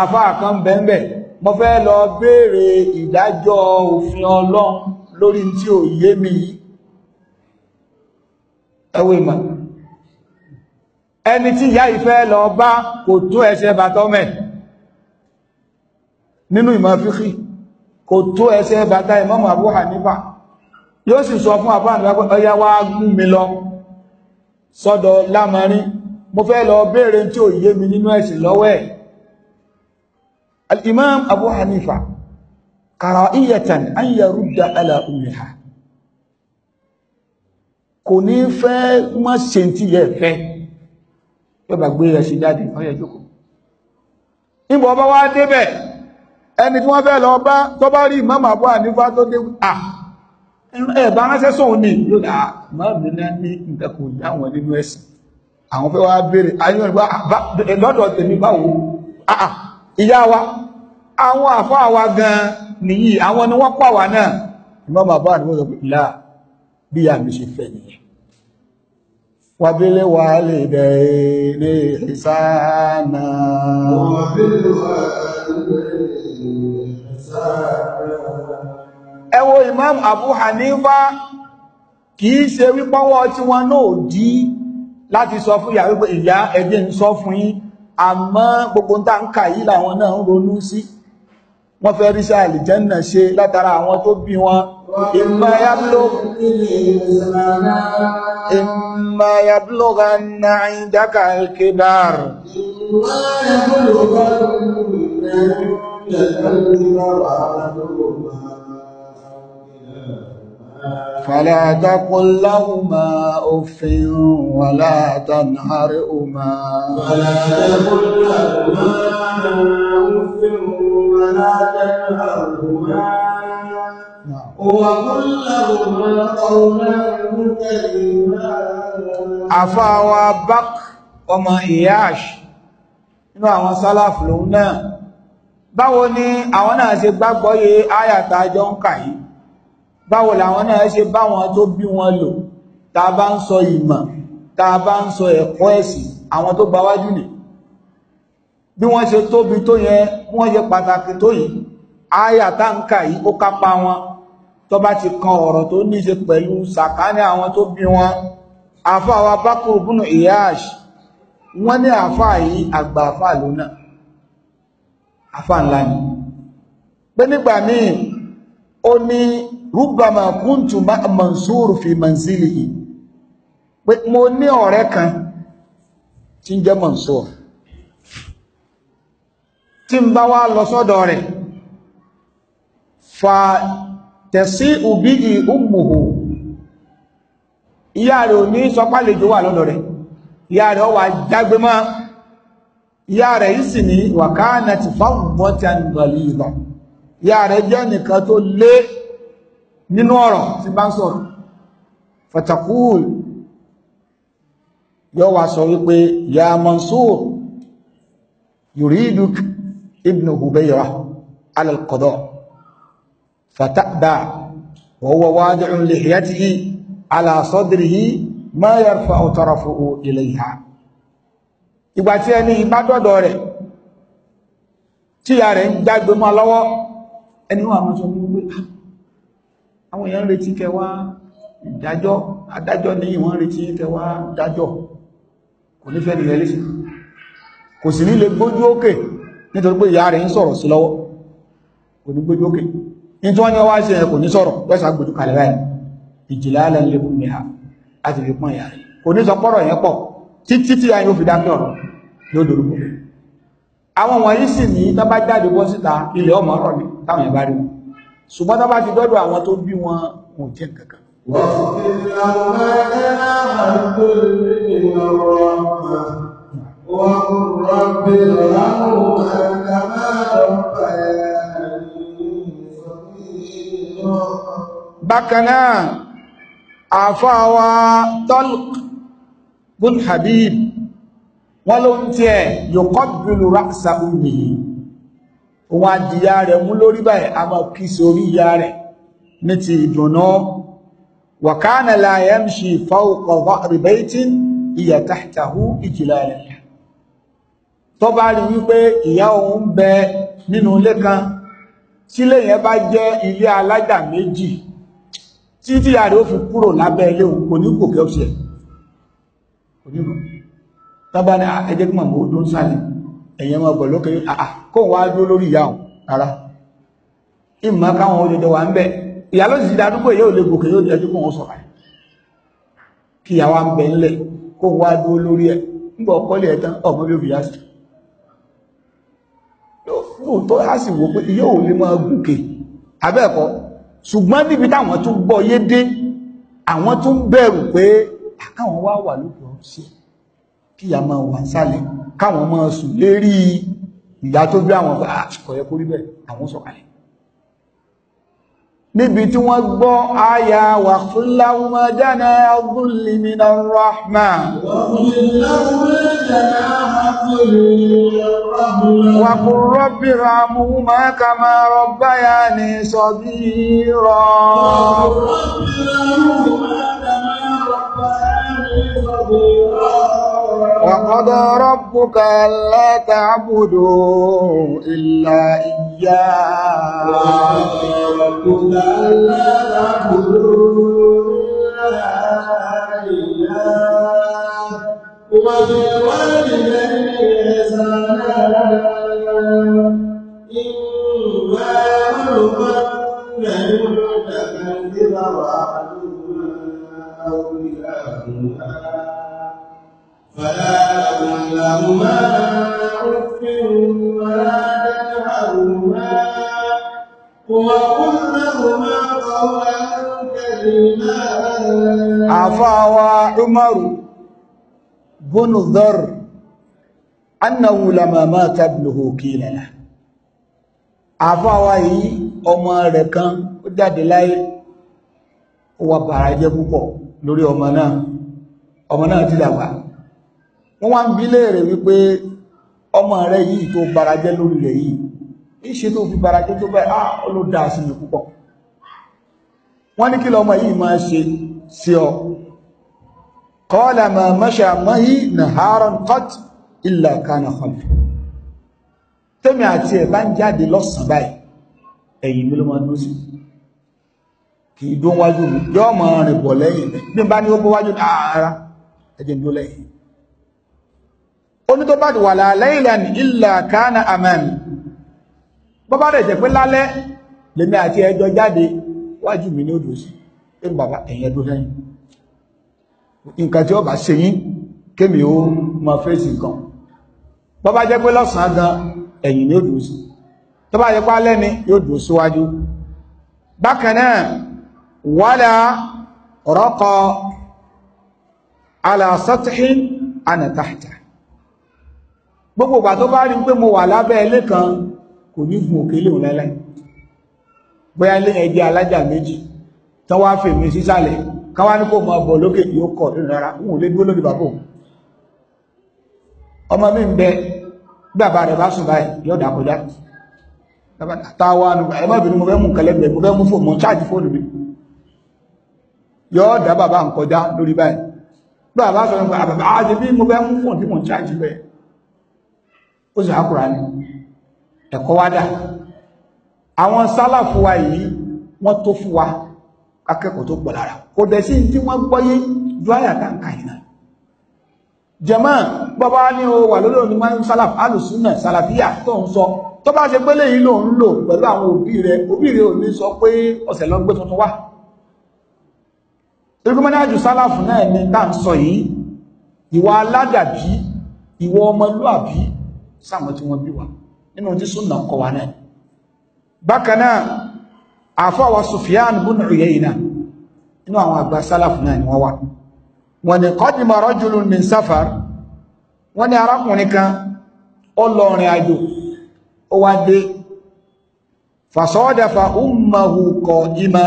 àfáà kan bẹ́ẹ̀bẹ̀ mo fẹ́ lọ béèrè ìdájọ́ òfin ọlọ́run lórí tí ò yé mi yìí ẹwé ìmọ̀ ẹni tí ìyá ìfẹ́ lọ bá kò tó ẹsẹ̀ bàtọ́mẹ̀ nínú ìmọ̀ fíkíù kò tó ẹsẹ̀ bàtà Imam Abu Hanifa yóò sì sọ fún Abu Hanifa pé ọya wá gún mi lọ sọ́dọ̀ lámarín mo fẹ́ lọ béèrè tí ò yé mi nínú ẹ̀sìn lọ́wọ́ ẹ̀ al-Imam Abu Hanifa karaiyatan an yarudda ala ummiha kò ní fẹ́ mọ́ ṣe tí yẹ fẹ́ yọba gbé ẹṣin jáde ọyẹ jókòó níbo ọba wá débẹ̀ ẹni tí wọ́n fẹ́ lọ bá tó bá rí Imam Abu Hanifa tó dé à ah, ẹ̀bá ránṣẹ́ sóhun ní yóò dá mọ́mí náà ní nǹkan kò dá wọn nínú ẹ̀sìn àwọn fẹ́ wá béèrè ayọ́ ìgbà ah, lọ́dọ̀ tèmi báwo ah, ìyá wa àwọn àfọ́ àwa gan nìyí àwọn ni wọ́n pàwà náà Imam Abu Hanifa sọ pé ìlà bí àmì ṣe fẹ́ nìyẹn وبالوالدين إحسانا ẹ wo Imam Abu Hanifa kìí ṣe wípọ́wọ́ tí wọn náà dí láti sọ fún ìyá wípé ìyá ẹgbẹ́ ń sọ fún yín àmọ́ gbogbo ń tàǹkà yìí làwọn náà ń ronú sí wọ́n fẹ́ ríṣẹ́ àlìjẹ́nà ṣe látara àwọn tó bí wọn إما يبلغ إما يبلغن عندك إما يبلغن عندك الكبار فلا تقل لهما اف ولا تنهرهما فلا تقل لهما اف ولا تنهرهما وقل لهما قولا كريما عفا بكر ọmọ ìyáàṣ nínú àwọn sálàfù lòun náà báwo ni àwọn náà ṣe gbàgbọ́ yé áyàtà àjọ ń kà yìí báwo làwọn náà ṣe báwọn tó bí wọn lò tá bá ń sọ ìmọ̀ tá bá ń sọ ẹ̀kọ́ ẹ̀sìn àwọn tó gbawájú nì bí wọ́n ṣe tóbi tó yẹn wọ́n tó bá ti kan ọ̀rọ̀ tó ní ṣe pẹ̀lú sàkání àwọn tó bí wọn àfá wa bákùrù búnú ìyáàṣì wọ́n ní àfá yìí àgbà àfá lónà àfá ńlá ni pé nígbà míì ó ní rúbàmà kúntù mansúrù fi manzili yìí pé mo ní ọ̀rẹ́ kan tí ń jẹ́ mansúrù tí ń bá wá lọ sọ́dọ̀ rẹ̀ fa tẹ̀sí òbí yìí ọgbòhò ìyá rẹ̀ ò ní sọpálejò wà lọ́dọ̀ rẹ̀ ìyá rẹ̀ wà jágbé mọ́ ìyá rẹ̀ yìí sì ní wàkánà ti fáwọn tí a ń gbọ̀lì ìlọ̀ yuriduk ibn Hubayra al-qada' فتأبى وهو واضع لحيته على صدره ما يرفع طرفه إليها ìgbà tí ẹni ìbá dọ́dọ̀ rẹ̀ tí ìyá rẹ̀ ń jágbe mọ́ lọ́wọ́ ẹni wọ́n àwọn ọmọ gbé àwọn èèyàn retí kẹwa ìdájọ́ adájọ́ ní ìwọ̀n retí kẹwa dájọ́ kò ní fẹ́ nìyẹn lẹ́sìn kò sì ní gbójú òkè nítorí pé ìyá rẹ̀ ń sọ̀rọ̀ sí lọ́wọ́ kò ní gbójú òkè ní tí wọ́n ní wá ṣe kò ní sọ̀rọ̀ lọ́sà gbòdú kalẹ̀ báyìí ìjìlá alẹ́ ilé fún mi ha láti fi kò ní sọ yẹn pọ̀ títí tí ayé fi dákẹ́ ọ̀rọ̀ ló dorúkọ àwọn wọ̀nyí sì ní ni táwọn yẹn bá rí wọn ṣùgbọ́n tó bá ti dọ́dọ̀ àwọn tó bákan náà àfáà wa Talq bin Habib wọ́n ló ń tí ẹ̀ yòkọ́ bìlù ráṣà omi òun àdìyà rẹ̀ mú lórí báyìí a máa kí sórí ìyá rẹ̀ ní ti ìdùnnà wàkánà láyé ń ṣe ìfọ́ọ̀kọ̀ rìbẹ́tì ìyà ìjìlá rẹ̀ tó bá rí wípé ìyá òun bẹ nínú ilé kan sílé yẹn bá jẹ́ ilé alájà méjì tí tí yà rẹ̀ ó fi kúrò lábẹ́ ilé kò ní kò kẹ́ ọ̀ṣẹ́ kò ní kò ní ẹjẹ́ kí màmú tó ń sálẹ̀ ẹ̀yẹ máa bọ̀ lókè àà kó wá dúró lórí rárá ìmọ̀ káwọn òjòjò wà ń bẹ sì yóò lè gòkè yóò dẹjú sọ̀rọ̀ kí wa ń bẹ ńlẹ̀ kó wá dúró lórí tán sí lóòótọ́ ṣùgbọ́n níbi táwọn tún gbọ́ yé dé àwọn tún bẹ̀rù pé àkáwọn wá wà lókè ọ̀ṣẹ́ kí ìyá máa wà sálẹ̀ káwọn máa sùn lérí ìyá tó bí àwọn kò yẹ kó rí àwọn sọ̀kalẹ̀ níbi tí wọ́n gbọ́ ayà wà fún láwọ́mọ́ dáná ọgbùnlé nínú rọ́hmà wà kò rọ́bìnrà mú máa ká máa rọ̀báyà ní sọ́bí rọ̀ rọ́bìnrà mú máa ká máa rọ̀báyà ní sọ́bí rọ̀ وقضى ربك ألا تعبدوا إلا إياه وقضى ربك ألا تعبدوا وبالوالدين إحسانا إما يبلغن عندك الكبر أحدهما أو كلاهما فلا تقلهما أف ولا تنهرهما وقل لهما قولا كريما عفا عمر بن الضر annahu lama mata ibnuhu qila la àfáwa yìí ọmọ rẹ̀ kan jáde láyé wà bàrà jẹ́ púpọ̀ lórí ọmọ náà ọmọ náà ti dàgbà wọ́n wá ń bi léèrè wípé ọmọ rẹ yìí tó barajẹ́ lórí rẹ̀ yìí ìṣe tó fi barajẹ́ tó báyìí ah ló dáa sí mi púpọ̀ wọ́n ní kí lọmọ yìí máa ṣe sí ọ qala ma masha mahi naharan qat illa kana khalfi tẹ́mi àti ẹ̀ bá ń jáde lọ́sàn báyìí ẹ̀yìn mi ló máa dúró sí kì í dún wájú mi yọ́ mọ̀ rìn bọ̀ lẹ́yìn mi bá ní ó bọ́ wájú ní ara ẹ̀jẹ̀ ń dúró lẹ́yìn oní tó bá ti wà láìlẹ́n ìlà kánà amen bọ́ bá rẹ̀ jẹ́ pé lálẹ́ lèmi àti ẹjọ́ jáde wájú mi ní odò sí ẹ̀rù bàbá ẹ̀yìn ẹdún lẹ́yìn nǹkan tí ó bá ṣe yín kémi ó mọ fèsì nǹkan bọ́ bá jẹ́ pé lọ́sàn-án gan ẹ̀yìn ní odò gbogbo ìgbà tó bá rí pé mo wà lábẹ́ ilé kan kò ní gun òkè léhùn láíláí bóyá ilé ẹgbẹ́ alájà méjì tán wá fèmí sísàlẹ̀ káwá ní kò mọ ọbọ̀ lókè yóò kọ̀ nínú rárá òun lè dúró lókè bàbá òun ọmọ mi ń bẹ bàbá rẹ̀ bá sùn báyìí yóò dà kọjá táwa ẹgbẹ́ ìbínú mo fẹ́ mú nǹkan lẹ́gbẹ̀ẹ́ mo fẹ́ mú fóònù mo fóònù mi yóò dá bàbá ń kọjá lórí báyìí bàbá sọ bàbá àti bí mo fẹ́ mú fóònù tí mo cháàjì bẹ́ẹ̀ ó sì hákùrá ní ẹ̀kọ́ wá dà àwọn sálàfù wa yìí wọ́n tó fún wa akẹ́kọ̀ọ́ tó pọ̀ lára kò dẹ̀ sí tí wọ́n gbọ́yé ju àyàtà ń kàyìn náà jẹ̀mọ́ bọ́bá ní o wà lórí òní máa ń sálàfù alùsùnà sálàfíà tó ń sọ tó bá ṣe pé lẹ́yìn ló ń lò pẹ̀lú àwọn òbí rẹ̀ òbí rẹ̀ ò ní sọ pé ọ̀sẹ̀ lọ gbé tuntun wá irúgbọ́nájú sálàfù náà ni tá ń sọ yìí ìwà aládàbí ìwà ọmọlúàbí sáwọn tí wọ́n bí wa nínú tí súnà kọ wa náà bákan náà àfọwọ́ Sufyan bun Uyayna inú àwọn àgbà sálàfù náà ni wọ́n wà wọ́n ní qadima rajulun min safar wọ́n ní arákùnrin kan ó lọ rìn àjò ó wá dé fasadafa ummuhu qa'ima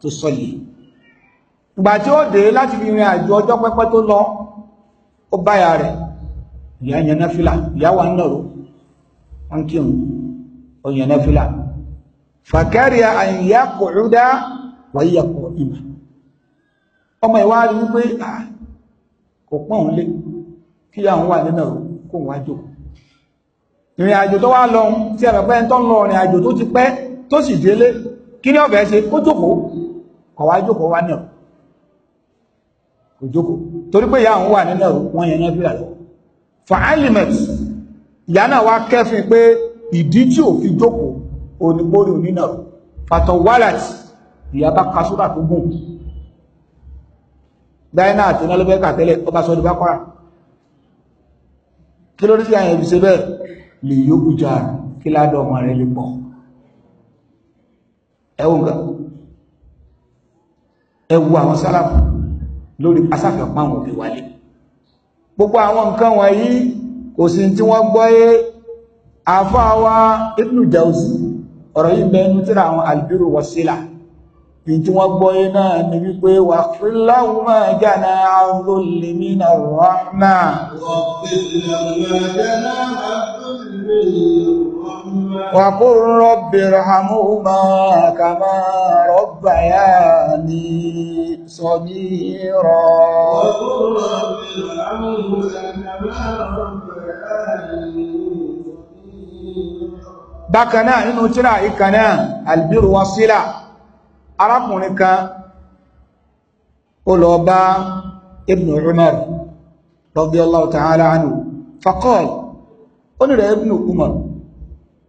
tusalli ìgbà tí ó dé láti fi rìn àjò ọjọ́ pẹ́pẹ́ tó lọ ó báyà rẹ̀ ìyá yẹn náfìlà ìyá wa ń nàró wọn kí òun ó yẹn náfìlà fàkẹ́rìà àyíyá kò rú dá wáyé kò ìmà ọmọ ìwádìí wípé ah, kò pọ́n òun lé kí ìyá òun wà nínú ọ̀rọ̀ kó òun wá jókòó ìrìn àjò tó wá lọ tí ẹ̀rọ pẹ́ tó ń lọ ìrìn àjò tó ti pẹ́ tó sì délé kí ní ọ̀fẹ́ ṣe kó jókòó kọ̀ wá jókòó wá nìyàn kò jókòó torí pé ìyá òun wà nínú ọ̀rọ̀ wọn fa'alimet ìyánà wá kẹfin pé ìdí tí ò fi jókòó onígbórí onínàrò fàtọ̀ wálàtì ìyàbá kasúrà tó gùn dáínà àti nálẹ́bẹ́kà tẹ́lẹ̀ ọba sọ ní bákọ́rà kí ló ní sí àyẹ̀bí ṣe bẹ́ẹ̀ lè yóò jà kí ládọ̀ ọmọ rẹ̀ lè pọ̀ ẹwùn gan ẹwù àwọn sálàmù lórí asáfẹ́ pàwọn òbí wálé gbogbo àwọn nǹkan wọ̀nyí kò sí tí wọ́n gbọ́yé àfáà wa Ibn Jawzi ọ̀rọ̀ yìí bẹ́ẹ̀ nítorí àwọn albiru wasila ní tí wọ́n gbọ́yé náà ni wípé wà fúláwù máa jàna àdúlè nínà rọ́nà wà kó rọ́bìnrin hàmú máa kàmá rọ́gbà yá ní sọ́ní rọ́ bákanáà nínú tíra ìkanáà albíru wasílà arákùnrin kan ó lọ bá ibn umar radiyallahu ta'ala anhu faqal ó ní rẹ̀ ibn umar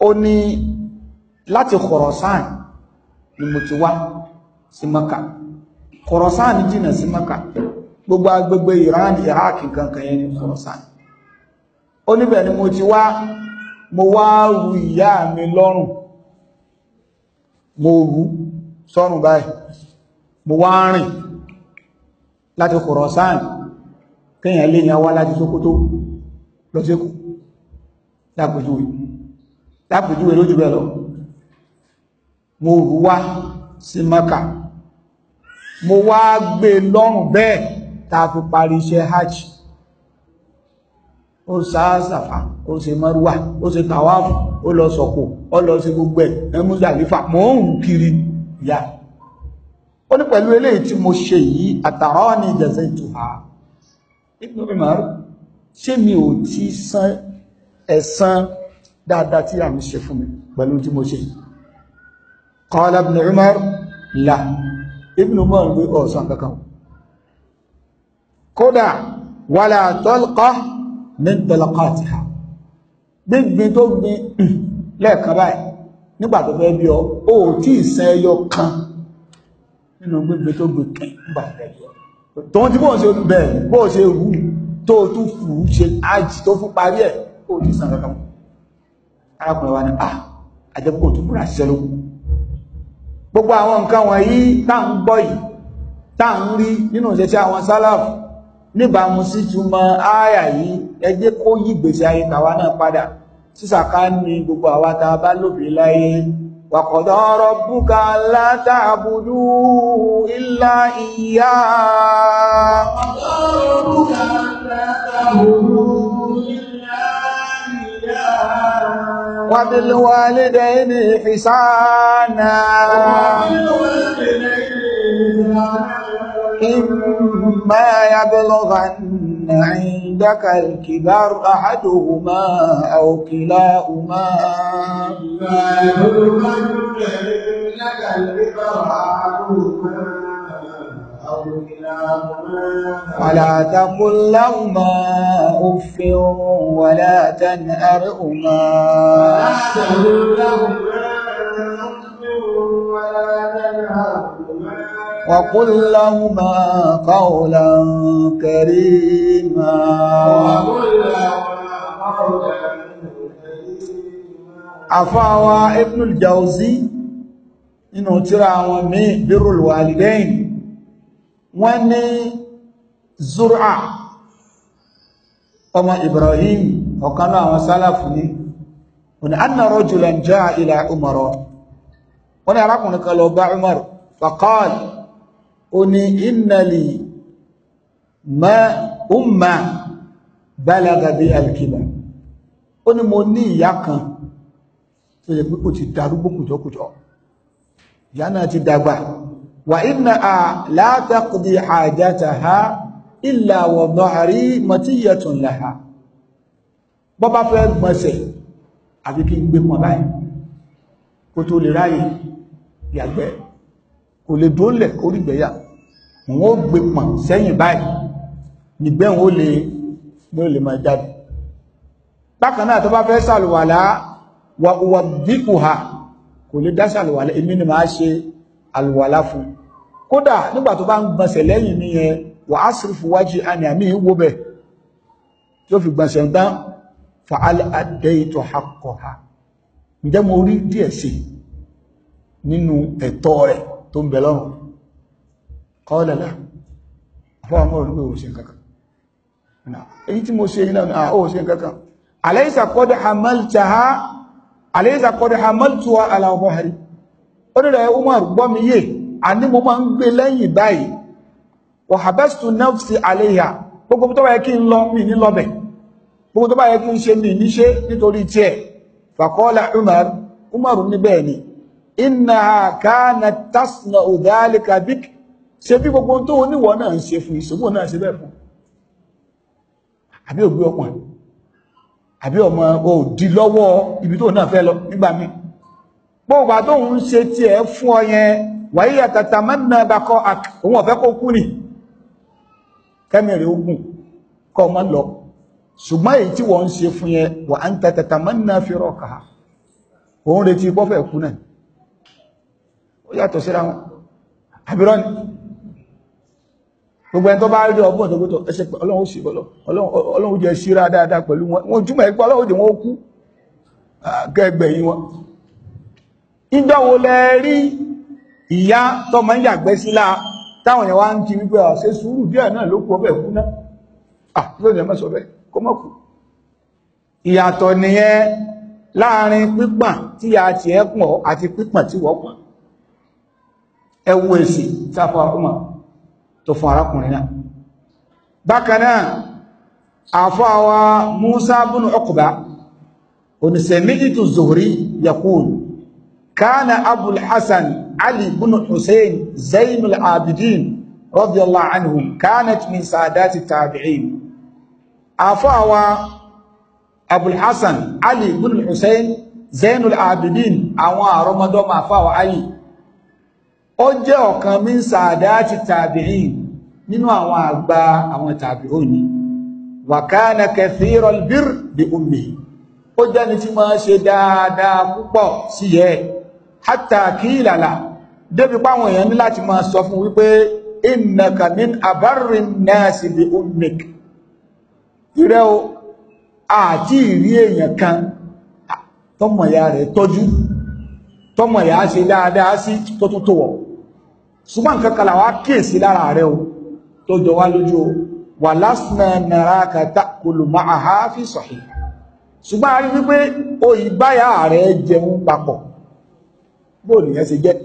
ó ní láti Khurasan ni mo ti wá sí maka Khurasan jìnà sí maka gbogbo agbègbè iran iraq kankan yẹn ni Khurasan ó níbẹ̀ ni mo ti wá mo wá rú ìyá mi lọ́rùn mo rú sọ́rùn báyìí mo wá rìn láti Khurasan kíyàn lè yàn wá láti Sókótó lọ sí Èkó lápèjúwe lápèjúwe lójú bẹ́ẹ̀ lọ mo rù wá sí Mẹ́kà mo wá gbé e lọ́rùn bẹ́ẹ̀ tá a fi parí iṣẹ́ hajj ó sáàsàfà ó ṣe mọ́rúwà ó ṣe tàwáfù ó lọ sọ̀kò ó lọ ṣe gbogbo ẹ̀ ẹmúzàlífà mò ń kiri yá ó ní pẹ̀lú eléyìí tí mo ṣe yìí àtàrọ́ ní ìjẹsẹ̀ ìtùhà Ibn Umar ṣé mi ò ti san ẹ̀san dáadáa tí àmì ṣe fún mi pẹ̀lú tí mo ṣe yìí qala Ibn Umar la Ibn Umar nígbà tó fẹ́ bí ọ ó tí ìsẹ́ ẹyọ kan nínú gbígbé tó gbé kẹ́ nígbà tó fẹ́ bí ọ tó ń tí bóò ṣe bẹ̀rẹ̀ bóò ṣe wù tó tún fù ú ṣe ájì tó fún parí ẹ̀ ó tí ìsàn kankan arákùnrin wa ni a àjẹpọ̀ tó múra ṣiṣẹ́ lókun gbogbo àwọn nǹkan wọ̀nyí tá ń gbọ́ yìí tá ń rí nínú ìṣẹ́ṣẹ́ àwọn sálàfù níbàámu sí túmọ̀ ááyà yìí ẹ kó yí ìgbésí ayé tàwa náà padà sísàká ní gbogbo àwátá bá lóbi láyé wàkọ̀dọ̀ ọ̀rọ̀ búkà látàbùdú ilá ìyá wàbílúwà lédè ní ìfìsánà ìmọ̀ yàbílúwà náà عندك الكبار أحدهما أو كلاهما ولا تقل لهما أف ولا تنهرهما ولا تقل لهما أف ولا تنهرهما وقل لهما قولا كريما àfáwà Ibn al-Jawzi nínú tírà àwọn míì Birrul Walidain wọ́n ní Zur'a ọmọ Ibrahim ọ̀kan náà àwọn sálàfù ní ọ̀nà anna rajulan jaa ila Umar wọ́n ní arákùnrin kan lọ bá Umar faqala ó ní ìnàlì ma umma balagadi alkiba ó ní mo ní ìyá kan tó yẹ pé kò ti darúgbó kùjọkùjọ ìyá náà ti dàgbà wà ìnà à látàkùdí àjáta ha ìlà wọ̀nà àrí mọ̀tíyẹ̀tùn láha bọ́ fẹ́ gbọ̀nsẹ̀ àfi kí n gbé pọn báyìí kó tó lè ráyè yàgbẹ́ kò lè dúó lẹ̀ kó wọ́n ó gbé pọ̀n sẹ́yìn báyìí nígbẹ́ wọn ó lè ló lè máa jáde bákan náà tó bá fẹ́ sàlùwàlá wà wà díkù ha kò lè dá sàlùwàlá èmi ni màá ṣe àlùwàlá fún kódà nígbà tó bá ń gbọ̀nsẹ̀ lẹ́yìn mi yẹn wà á sì fún wájú àmì àmì ìwó bẹ̀ tó fi gbọ̀nsẹ̀ dán fa al-adaytu haqqaha ǹjẹ́ mo rí díẹ̀ sí nínú ẹ̀tọ́ rẹ̀ tó ń bẹ lọ́rùn kọ́ọ̀lẹ̀ lá fọ́wọ́n mọ́ olúgbé ò ṣe kankan èyí tí mo ṣe iná à ó ṣe kankan aláìsà kọ́dẹ̀ hamaltaha aláìsà kọ́dẹ̀ hamaltuwa aláwọ̀hari ó rẹ̀ umar gbọ́ mi yé a ní mo máa ń gbé lẹ́yìn báyìí wà habastu nafsi aléyà gbogbo tó bá yẹ kí n lọ ṣe ní ṣe nítorí tiẹ̀ fàkọ́lá umar umar ní bẹ́ẹ̀ ni inna kana tasna udhalika bik ṣe bí gbogbo tó oníwọ̀ náà ń ṣe fún ìṣògbò náà ṣe bẹ́ẹ̀ fún àbí ògbé ọkùn àbí ọmọ òdí lọ́wọ́ ibi tó náà fẹ́ lọ nígbà mí gbogbo tó ń ṣe tí ẹ fún ọ yẹn wàyí àtàtà mẹ́nà bakọ́ òun ọ̀fẹ́ kó kú nì kẹ́mìrì ogun gbogbo ẹni tó bá rí ọgbọ́n tó gbótó ẹsẹ̀ pé ọlọ́run sì bọ́lọ́ ọlọ́run jẹ́ síra dáadáa pẹ̀lú wọn wọn jùmọ̀ ẹgbẹ́ ọlọ́run jẹ́ wọn ó kú kẹgbẹ̀yìn wọn ìjọ wo lẹ rí ìyá tọmọ ń yàgbẹ́ sílá táwọn èèyàn wá ń ti wípé àṣẹ sùúrù díẹ̀ náà ló kú ọbẹ̀ kú ná ah lónìí ẹ má láàrin pípọ̀n tí a ti ẹ̀ pọ̀ àti pípọ̀n tí wọ́n pọ̀ èsì sáfà ọmọ tó fún arákùnrin náà bákan náà àfáwà Musa bin Uqba onisẹ̀míjìtù Zuhri yakun kana Abul Hasan Ali bin Hussein Zainul Abidin radiyallahu anhum kanat min sadati tabi'in àfáwà Abul Hasan Ali bin Hussein Zainul Abidin àwọn àrọmọdọ́mọ àfáwà Ali ó jẹ́ ọ̀kan min sàdáàtì tàbíìn nínú àwọn àgbà àwọn tàbíìn ni wa kana kathiral bir bi ummi ó jẹ́ni tí máa ṣe dáadáa púpọ̀ sí yẹ hatta kílàlà débi páwọn èèyàn ní láti máa sọ fún wípé innaka min abarrin nasi bi ummik ìrẹ́ o àti ìrí èèyàn kan tọ́mọ̀ ya rẹ̀ tọ́jú tọ́mọ̀ ya ṣe dáadáa sí tó tún tó wọ̀ ṣùgbọ́n nǹkan kan làwọn kíyèsí lára rẹ o tó jọ wá lójú o wà lásìmọ̀ nàrà kàtà olùmọ̀ àháfi sọ̀hì ṣùgbọ́n a rí wípé o ìbáyà rẹ jẹun papọ̀ bó nìyẹn ṣe jẹ́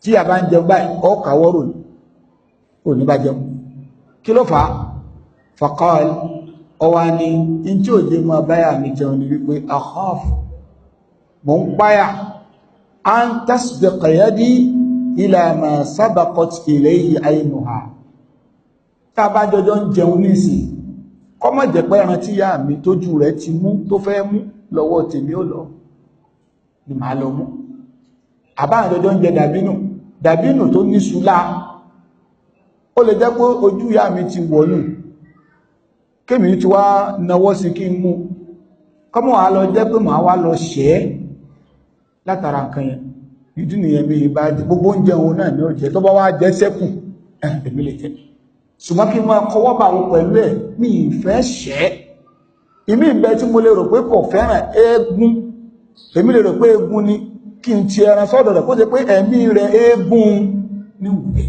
tí a bá ń jẹun báyìí ọ kàwọ́rò ní bá jẹun kí ló fà á fàkọ́ọ̀lì ọwá ni in tí ò jẹ́ mọ́ báyà mi jẹun ni wípé àhọ́f mò ń páyà an tasbiqa yadi ilà mà sábàkọt ilayhi àìmùhà tá a bá jọjọ ń jẹun nísìn kọ́mọ̀ jẹ́ pé ẹran tí yá mi tójú rẹ̀ ti mú tó fẹ́ mú lọ́wọ́ tèmi ó lọ ni màá lọ mú àbá àjọjọ́ ń jẹ dàbínù dàbínù tó ní ṣúlá ó lè jẹ́ pé ojú ìyá mi ti wọ̀lú kémi ti wá nawọ́ sí kí n mú kọ́mọ̀ wá lọ jẹ́ pé màá wá lọ ṣẹ́ látara nǹkan yẹn ìdí nìyẹn bí i bá gbogbo oúnjẹ òun náà ní ọ̀jẹ́ tó bá wá jẹ́ sẹ́kù èmi lè jẹ́ ṣùgbọ́n kí n máa kọwọ́ bá wọn pẹ̀lú ẹ̀ mi ì fẹ́ ṣẹ́ ìmí ìbẹ tí mo lè rò pé kò fẹ́ràn eégún èmi lè rò pé eégún ni kí n ti ẹran sọ́dọ̀ rẹ̀ kó ṣe pé ẹ̀mí rẹ̀ eégún ní wùgbẹ́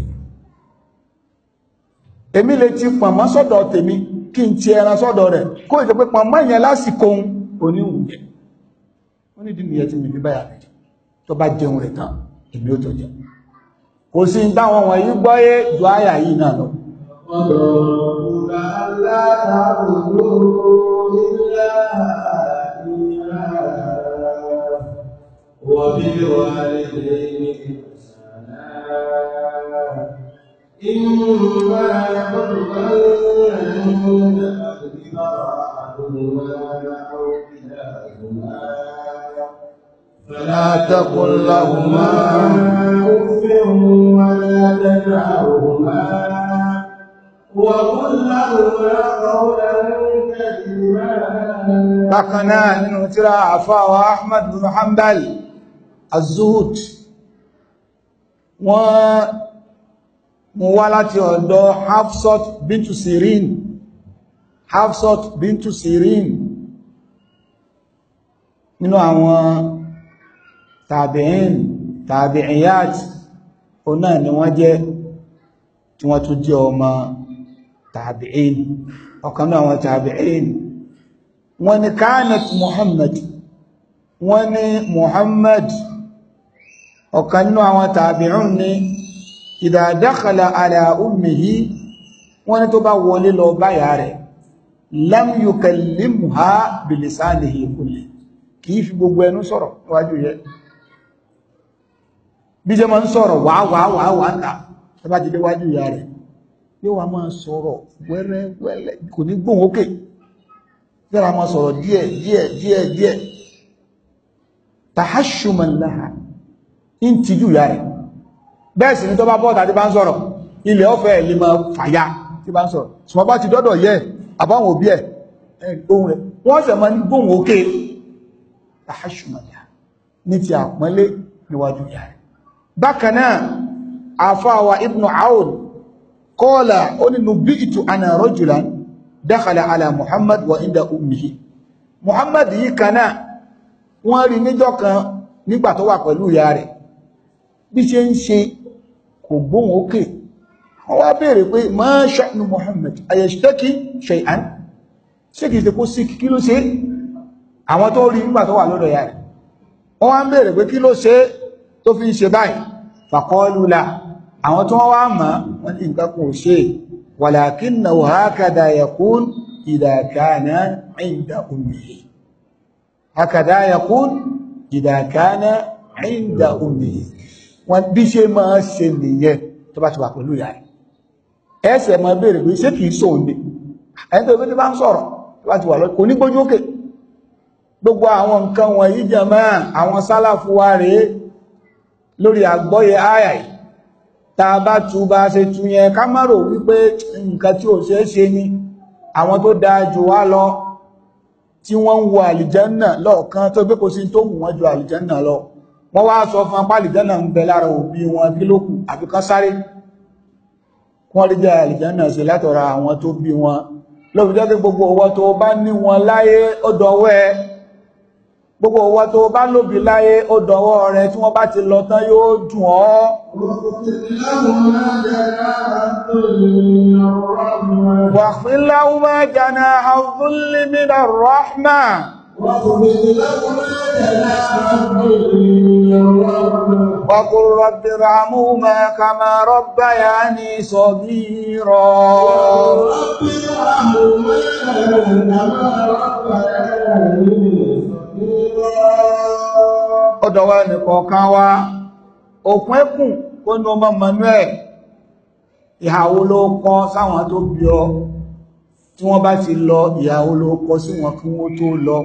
èmi lè ti pọ̀nmọ́ sọ́dọ̀ tèmi kí n ti ẹran sọ́dọ̀ rẹ̀ kó ṣe pé pọ̀nmọ́ yẹn lásìkò oníwùgbẹ́ ó nídìí nìyẹn tí mi fi báyà rẹ̀ jẹ́ tó bá jẹun rẹ̀ tán èmi ó tó jẹ kò sí ní táwọn wọ̀nyí gbọ́yé ju àyà yìí náà lọ. إِنَّمَا يَقُولُ أَنَّ فلا تقل لهما أف ولا تنهرهما وقل لهما قولا كريما bákan náà nínú tírà àfáwà Ahmad bin Hanbal az-Zuhud wọ́n mú wá láti ọ̀dọ̀ Hafsat bintu Sirin Hafsat bintu Sirin nínú àwọn tàbíìn tàbíìyàt o náà ni wọ́n jẹ́ tí wọ́n tún jẹ́ ọmọ tàbíìn ọ̀kan náà wọn tàbíìn wọ́n ni kánat Muhammad wọ́n ni Muhammad ọ̀kan nínú àwọn tàbíìn ni idha dakhala ala wọ́n ni tó bá wọlé lọ báyà rẹ̀ lam yukallimha bilisanihi kulli kìí fi gbogbo ẹnu sọ̀rọ̀ níwájú yẹ bí jẹ́ máa ń sọ̀rọ̀ wàá wàá wàá wàá ta tó bá ti déwájú ìyá rẹ̀ yóò wá máa sọ̀rọ̀ wẹ́rẹ́wẹ́lẹ́ kò ní gbóhùn ókè yára máa sọ̀rọ̀ díẹ̀ díẹ̀ díẹ̀ díẹ̀ tahashuman laha ń tijú ìyá rẹ̀ bẹ́ẹ̀ sì ni tó bá bọ́ọ̀tà tí bá ń sọ̀rọ̀ ilẹ̀ ọ̀fẹ́ lè máa fàyà tí bá ń sọ̀rọ̀ ṣùgbọ́n bá ti dọ́dọ̀ yẹ àbáwọn òbí ẹ̀ ohun wọ́n sẹ̀ máa ní gbóhùn ókè tahashuman ní ti àpọ́nlé níwájú ìyá rẹ̀ bákan náà àfáwà ibn aoun kọ́ọ̀lá ó ní nubí ìtù àna rọ́jùlá dákàlà àlà muhammad wa inda ummihi muhammad yìí kan náà wọ́n rí níjọ́ kan nígbà tó wà pẹ̀lú ìyá rẹ̀ bí ṣe ń ṣe kò gbóhùn ókè wọ́n wá béèrè pé ma ṣa'nu muhammad ayẹ̀ṣẹ́kì ṣe'an ṣe kìí ṣe kó sí kí ló ṣe tó fi ń ṣe báyìí fàkọ́lùlà àwọn tí wọ́n wá mọ̀ wọ́n ní nǹkan kò ṣe wàlàkínà hakada yakun ìdàkánà inda ummihi hakada yakun ìdàkánà inda ummihi wọ́n bí ṣe máa ṣe nìyẹn tó bá ti wà pẹ̀lú ìyá rẹ̀ ẹsẹ̀ máa béèrè pé ṣé kìí sóun gbogbo àwọn nǹkan wọ̀nyí jẹ̀mọ́ àwọn sálàfù rèé lórí àgbọ́yé àyà yìí tá a bá tú bá ṣe tú yẹn wípé nǹkan tí ò ṣe ṣe ni àwọn tó dáa jù wá lọ tí wọ́n ń wo àlìjẹ́nà lọ́ọ̀kan tó gbé kò sí tó wù wọ́n ju àlìjẹ́nà lọ wọ́n wá sọ fún apá àlìjẹ́nà ń bẹ lára òbí wọn kí ló kù àbí sáré wọ́n rí jẹ́ àlìjẹ́nà sí látọ̀ra àwọn tó bí wọn lóbi jẹ́ gbogbo owó tó bá ní wọn láyé ó dọwọ́ ẹ gbogbo ọwọ́ tó bá lóbi láyé ó dọwọ́ rẹ tí wọ́n bá ti lọ tán yóò dùn ọ́ waqfid lahuma janaha dhulli minar rahma وقل رب ارحمهما كما ربياني صغيرا ọ̀dọ̀ wa nìkọ̀ọ̀kan wa òkun ẹkùn kó ní ọmọ Manuel ìhàwó ló kọ́ sáwọn tó bí ọ tí wọ́n bá ti lọ ìyàwó ló kọ́ sí wọn kí wọ́n tó lọ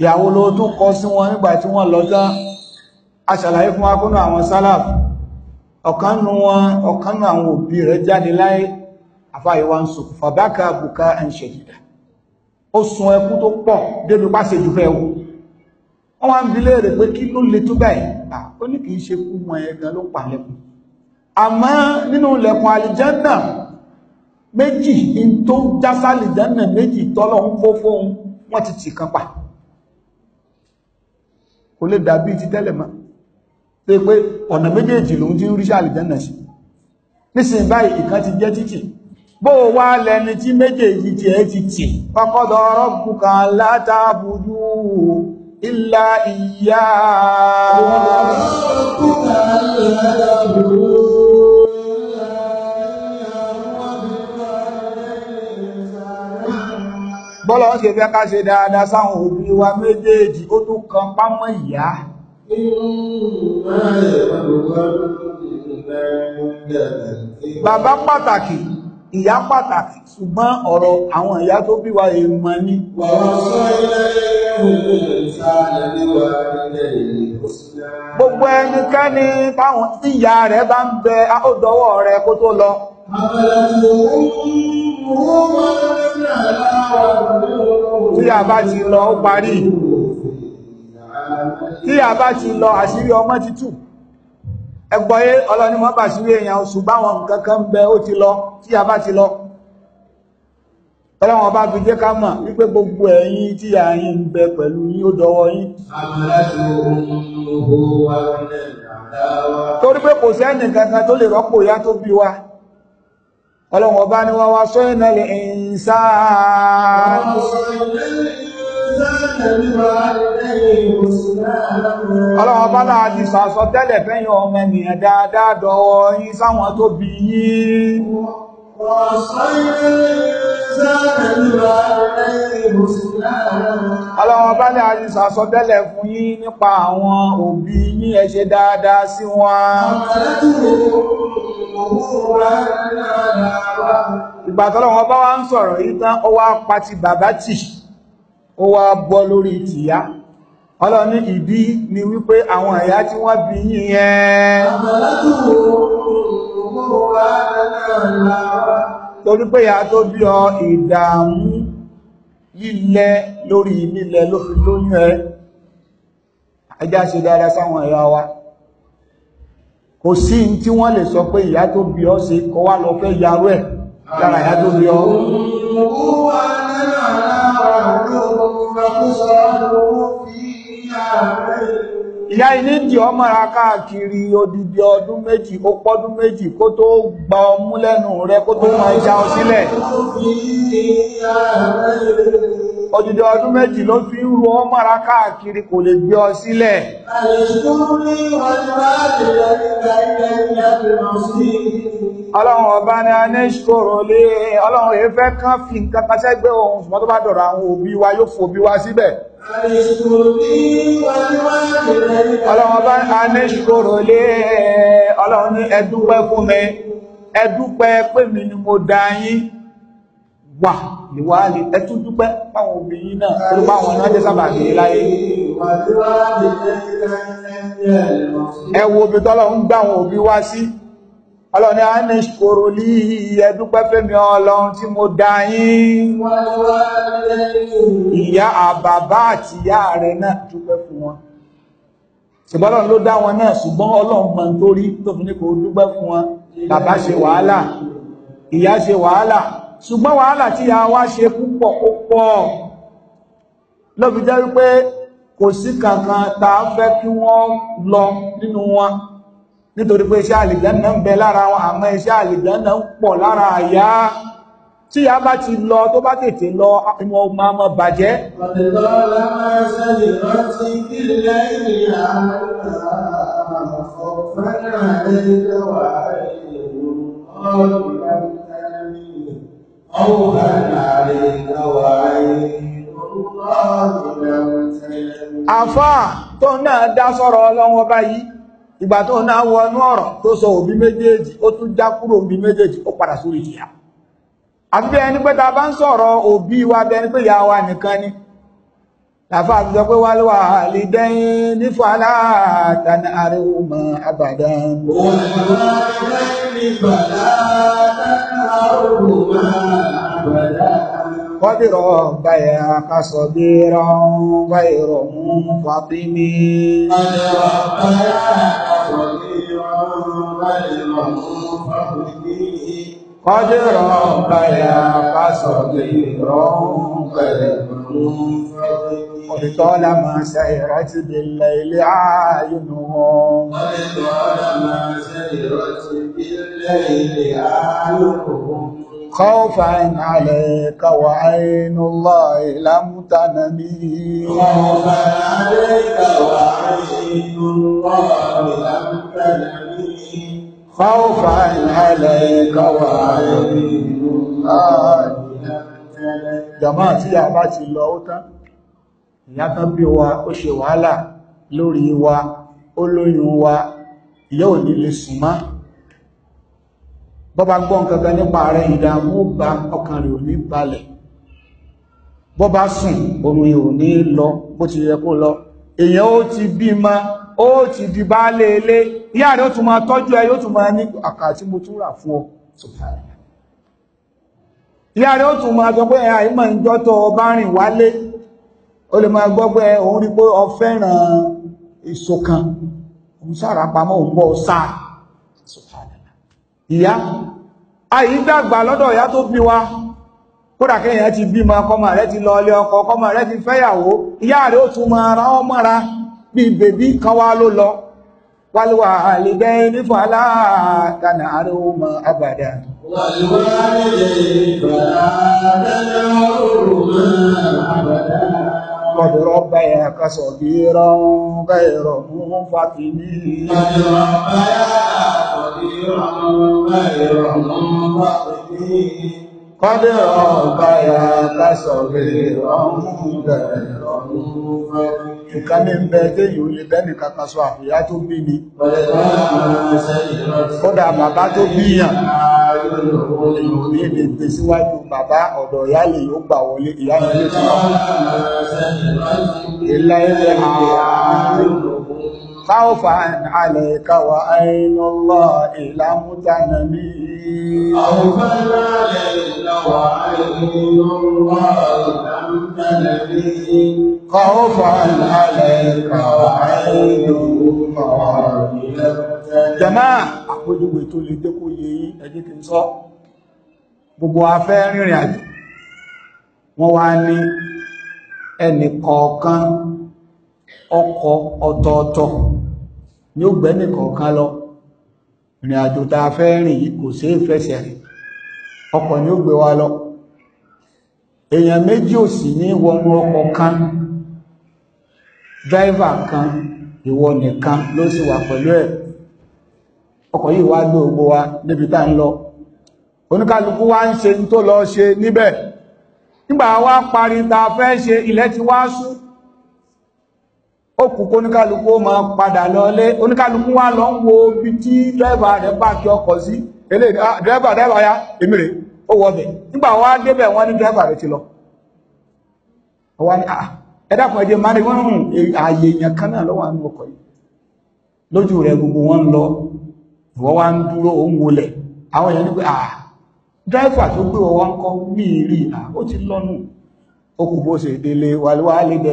ìyàwó ló tún kọ́ sí wọn nígbà tí wọ́n lọ tán aṣàlàyé fún akúnnà àwọn sálàf ọ̀kánú wọn ọ̀kánú àwọn òbí rẹ̀ jáde láyé àfáà ìwà ń sùn fàbákà bùká ẹ̀ ń ṣẹ̀dìdà ó sun ẹkú tó pọ̀ débi pàṣẹ jù fẹ́ o wọ́n wá ń bi léèrè pé kí ló le tó báyìí ó ní kìí ṣe kú wọn ẹ̀gàn ló pa lẹ́kùn àmọ́ nínú lẹ́kùn àlìjánà méjì in tó jásá àlìjánà méjì tọ́lọ̀ ń kó fóun wọ́n ti tì kan pa kò lè dàbí ti tẹ́lẹ̀ mọ́ pé pé ọ̀nà méjèèjì lòun ti ń ríṣẹ́ àlìjánà sí nísìnyí báyìí ìkan ti jẹ́ títì bó wá lẹni tí méjèèjì tí ẹ ti tì kọ́kọ́dọ̀ rabbuka la ta'budu illa iya bọ́lọ̀ ń ṣe fẹ́ ká ṣe dáadáa sáwọn òbí wa méjèèjì ó tún kan pámọ́ ìyá bàbá pàtàkì ìyá pàtàkì ṣùgbọ́n ọ̀rọ̀ àwọn ìyá tó bí wa èèmọ̀ ní gbogbo ẹnikẹ́ni táwọn tí ìyá rẹ̀ bá ń bẹ àkódọwọ́ rẹ̀ kó tó lọ tí a bá ti lọ ó parí tí a bá ti lọ àṣírí ọmọ títù ẹgbọ́yé ọlọ́ni mọ́ bà síwé èèyàn ṣùgbọ́n àwọn nǹkan kan bẹ ó ti lọ tí a bá ti lọ ọlọ́wọ́n bá fi jẹ́ ká mọ̀ wípé gbogbo ẹ̀yin tí a yín ń bẹ pẹ̀lú yín ó dọwọ́ yín torí pé kò sẹ́ni kankan tó lè rọ́pò ìyá tó bí wa ọlọ́wọ́n bá ní wọ́n wá sọ́yìn náà lè ń sáà Ọlọ́run ọba náà ti sàsọ tẹ́lẹ̀ fẹ́yìn ọmọ ènìyàn dáadáa dọ̀wọ́ yín sáwọn tó bí yín. Ọlọ́run ọba náà ti sàsọ tẹ́lẹ̀ fún yín nípa àwọn òbí yín ẹ ṣe dáadáa sí wọn. Ìgbà tọ́lọ́run ọba wa ń sọ̀rọ̀ yìí tán, ó wá pa ti bàbá tì ó wá bọ́ lórí tìyá ọlọ́run ní ìbí ni wípé àwọn ìyá tí wọ́n bí yín yẹn torí pé ìyá tó bí ọ ìdààmú lílẹ̀ lórí lílẹ̀ ló fi lóyún ẹ ẹjá ṣe dáadáa sáwọn ìyá wa kò sí tí wọ́n lè sọ pé ìyá tó bí ọ ṣe kọ́ lọ fẹ́ yarú ẹ̀ lára ìyá tó bí ọ. ìyá ilé dì ọmọ ra káàkiri odidi ọdún méjì ó pọ́dún méjì kó tó gba ọmú lẹ́nu rẹ kó tó máa já ọ sílẹ̀ odidi ọdún méjì ló fi ń ro ọmọ ra káàkiri kò lè gbé ọ sílẹ̀ ọlọ́run ọba ni a ní ṣòro lé ọlọ́run èéfẹ́ kan fi nǹkan kan sẹ́gbẹ́ ohun ṣùgbọ́n tó bá dọ̀rọ̀ àwọn òbí wa yóò fòbí wa síbẹ̀ Ọlọ́run bá a ní ṣòro lé e. ọlọ́run ní ẹdúpẹ́ fún mi, ẹdúpẹ́ pé mi ni mo dá yín wà níwá lè ẹtú dúpẹ́ páwọn obìnrin náà tó páwọn náà jẹ́ sábà ní láyé. Ẹ wo obì tọ́lọ́run gbà wá sí ọlọ́ni a ní ṣkòrò lí ẹdúpẹ́ fẹ́mi ọlọ́run tí mo dá yín ìyá àbàbá àti ìyá rẹ̀ náà dúpẹ́ fún wọn ṣùgbọ́n ló dá wọn náà ṣùgbọ́n ọlọ́run mọ̀ tó rí tó fi ní kò dúpẹ́ fún wọn bàbá ṣe wàhálà ìyá ṣe wàhálà ṣùgbọ́n wàhálà tí ìyá wa ṣe púpọ̀ ó pọ̀ lọ́bi jẹ́ wípé kò sí kankan tá a fẹ́ kí wọ́n lọ nínú wọn nítorí pé iṣẹ́ àlìjánná ń bẹ lára wọn àmọ́ iṣẹ́ àlìjánná ń pọ̀ lára àyá tí a bá ti lọ tó bá tètè lọ ìmọ̀ ọmọ ọmọ bàjẹ́ àfáà tó náà dá sọ̀rọ̀ ọlọ́wọ́ báyìí ìgbà tó náà wọnú ọ̀rọ̀ tó sọ òbí méjèèjì ó tún já kúrò òbí méjèèjì ó padà sórí ìyá àfi bí ẹni pé ta bá ń sọ̀rọ̀ òbí wa bí ẹni pé ìyá wa nìkan ni tàfà àti sọ pé wà lọ́wọ́ àlìdẹ́yìn nífọ̀ aláàtàní àríwò mọ́ àbàdàn Kọ́dìrọ̀ báyà kásọ̀ bí rán báyìí rọ̀ mú fàtímí. Kọ́dìrọ̀ báyà صغيرا فالمغفر به قد ربيا فصغيرا فالمغفر قد طالما سيرت بالليل عينهم قد طالما سيرت بالليل عينهم خوفا عليك وعين الله لم تنمي خوفا عليك وعين الله لم تنمي خوفا عليك وعين الله لم تنمي جماعة يا باتي الله ìyá kan bí wa ó ṣe wàhálà lórí wa ó lóyún wa ìyá ò ní lè sùn máa Bọba gbọ́ nǹkan kan nípa rẹ̀ ìdààmú bá ọkàn rẹ̀ balẹ̀ sùn lọ bó ti lọ èèyàn ó ti bí ma ó ti di baálé ilé ìyá rẹ̀ ó tún máa tọ́jú ẹ mo tún rà fún ọ ìyá rẹ̀ ó tún máa ń tó o bá rìn wálé ó lè máa ìyá àyí dàgbà lọ́dọ̀ ìyá tó bí wa kódà ti bímọ kọmọ rẹ̀ ti lọ ilé ọkọ rẹ̀ ti fẹ́yàwó ìyá rẹ̀ ó tún máa ra ọmọ ra bí bèbí kan wá ló lọ wàlúwà àlìdẹ́ nífọ̀ aláàtànà àbàdà قديرا غير منقطع قد ربيا لصغيرا غير Ìkan ní ń bẹ téyìn ó lè bẹ́ni kankan sọ àfìyá tó bí ni. Kódà bàbá tó bíyàn, èyàn ní lè gbé síwájú bàbá ọ̀dọ̀ ìyá lè yóò gbà wọlé ìyá ìlú خوفا عليك وعين الله لم تنمي خوفا عليك وعين الله لم تنمي خوفا عليك وعين الله لم تنمي جماعة àpójúwé tó lè dé kó yé yín ẹjẹ́ kí n sọ gbogbo afẹ́ rìnrìn àjò wọ́n wá ní ẹnì kọ̀ọ̀kan ọkọ̀ ọ̀tọ̀ọ̀tọ̀ ní ó gbẹ́nì kọ̀ọ̀kan lọ ìrìn àjò tá a fẹ́ rìn yìí kò sí ìfẹsẹ̀ rìn ọkọ̀ ni ó gbé wa lọ èèyàn méjì ò sì ní wọnú ọkọ̀ kan dráìvà kan ìwọ nìkan ló sì wà pẹ̀lú ẹ̀ ọkọ̀ yìí wá gbé ògbó wa níbi tá ń lọ oníkálukú wá ń ṣe tó lọ ṣe níbẹ̀ nígbà wá parí ta fẹ́ ṣe ilẹ̀ ti wá sùn ó kù kó oníkálukú ó máa padà lọlé oníkálukú wá lọ ń wo ibi tí dírẹ́bà rẹ̀ páàkì ọkọ̀ sí ilé dírẹ́bà dírẹ́bà ya èmi rè ó wọ ọbẹ̀ nígbà wá débẹ̀ wọ́n ní dírẹ́bà rẹ̀ ti lọ wọ́n ní ah, ẹ dákun ẹ̀jẹ̀ máa ní wọ́n rùn ààyè èèyàn kan náà lọ́wọ́ àánú ọkọ̀ yìí lójú rẹ̀ gbogbo wọn ń lọ ìwọ́ wá ń dúró ó ń wọlẹ̀ àwọn èèyàn ní pé à ah, dírẹ́fà tó gbé ọwọ́ kọ́ mí rí à ah, ó ti lọ́nu ó kù délé wàlúwà lè dẹ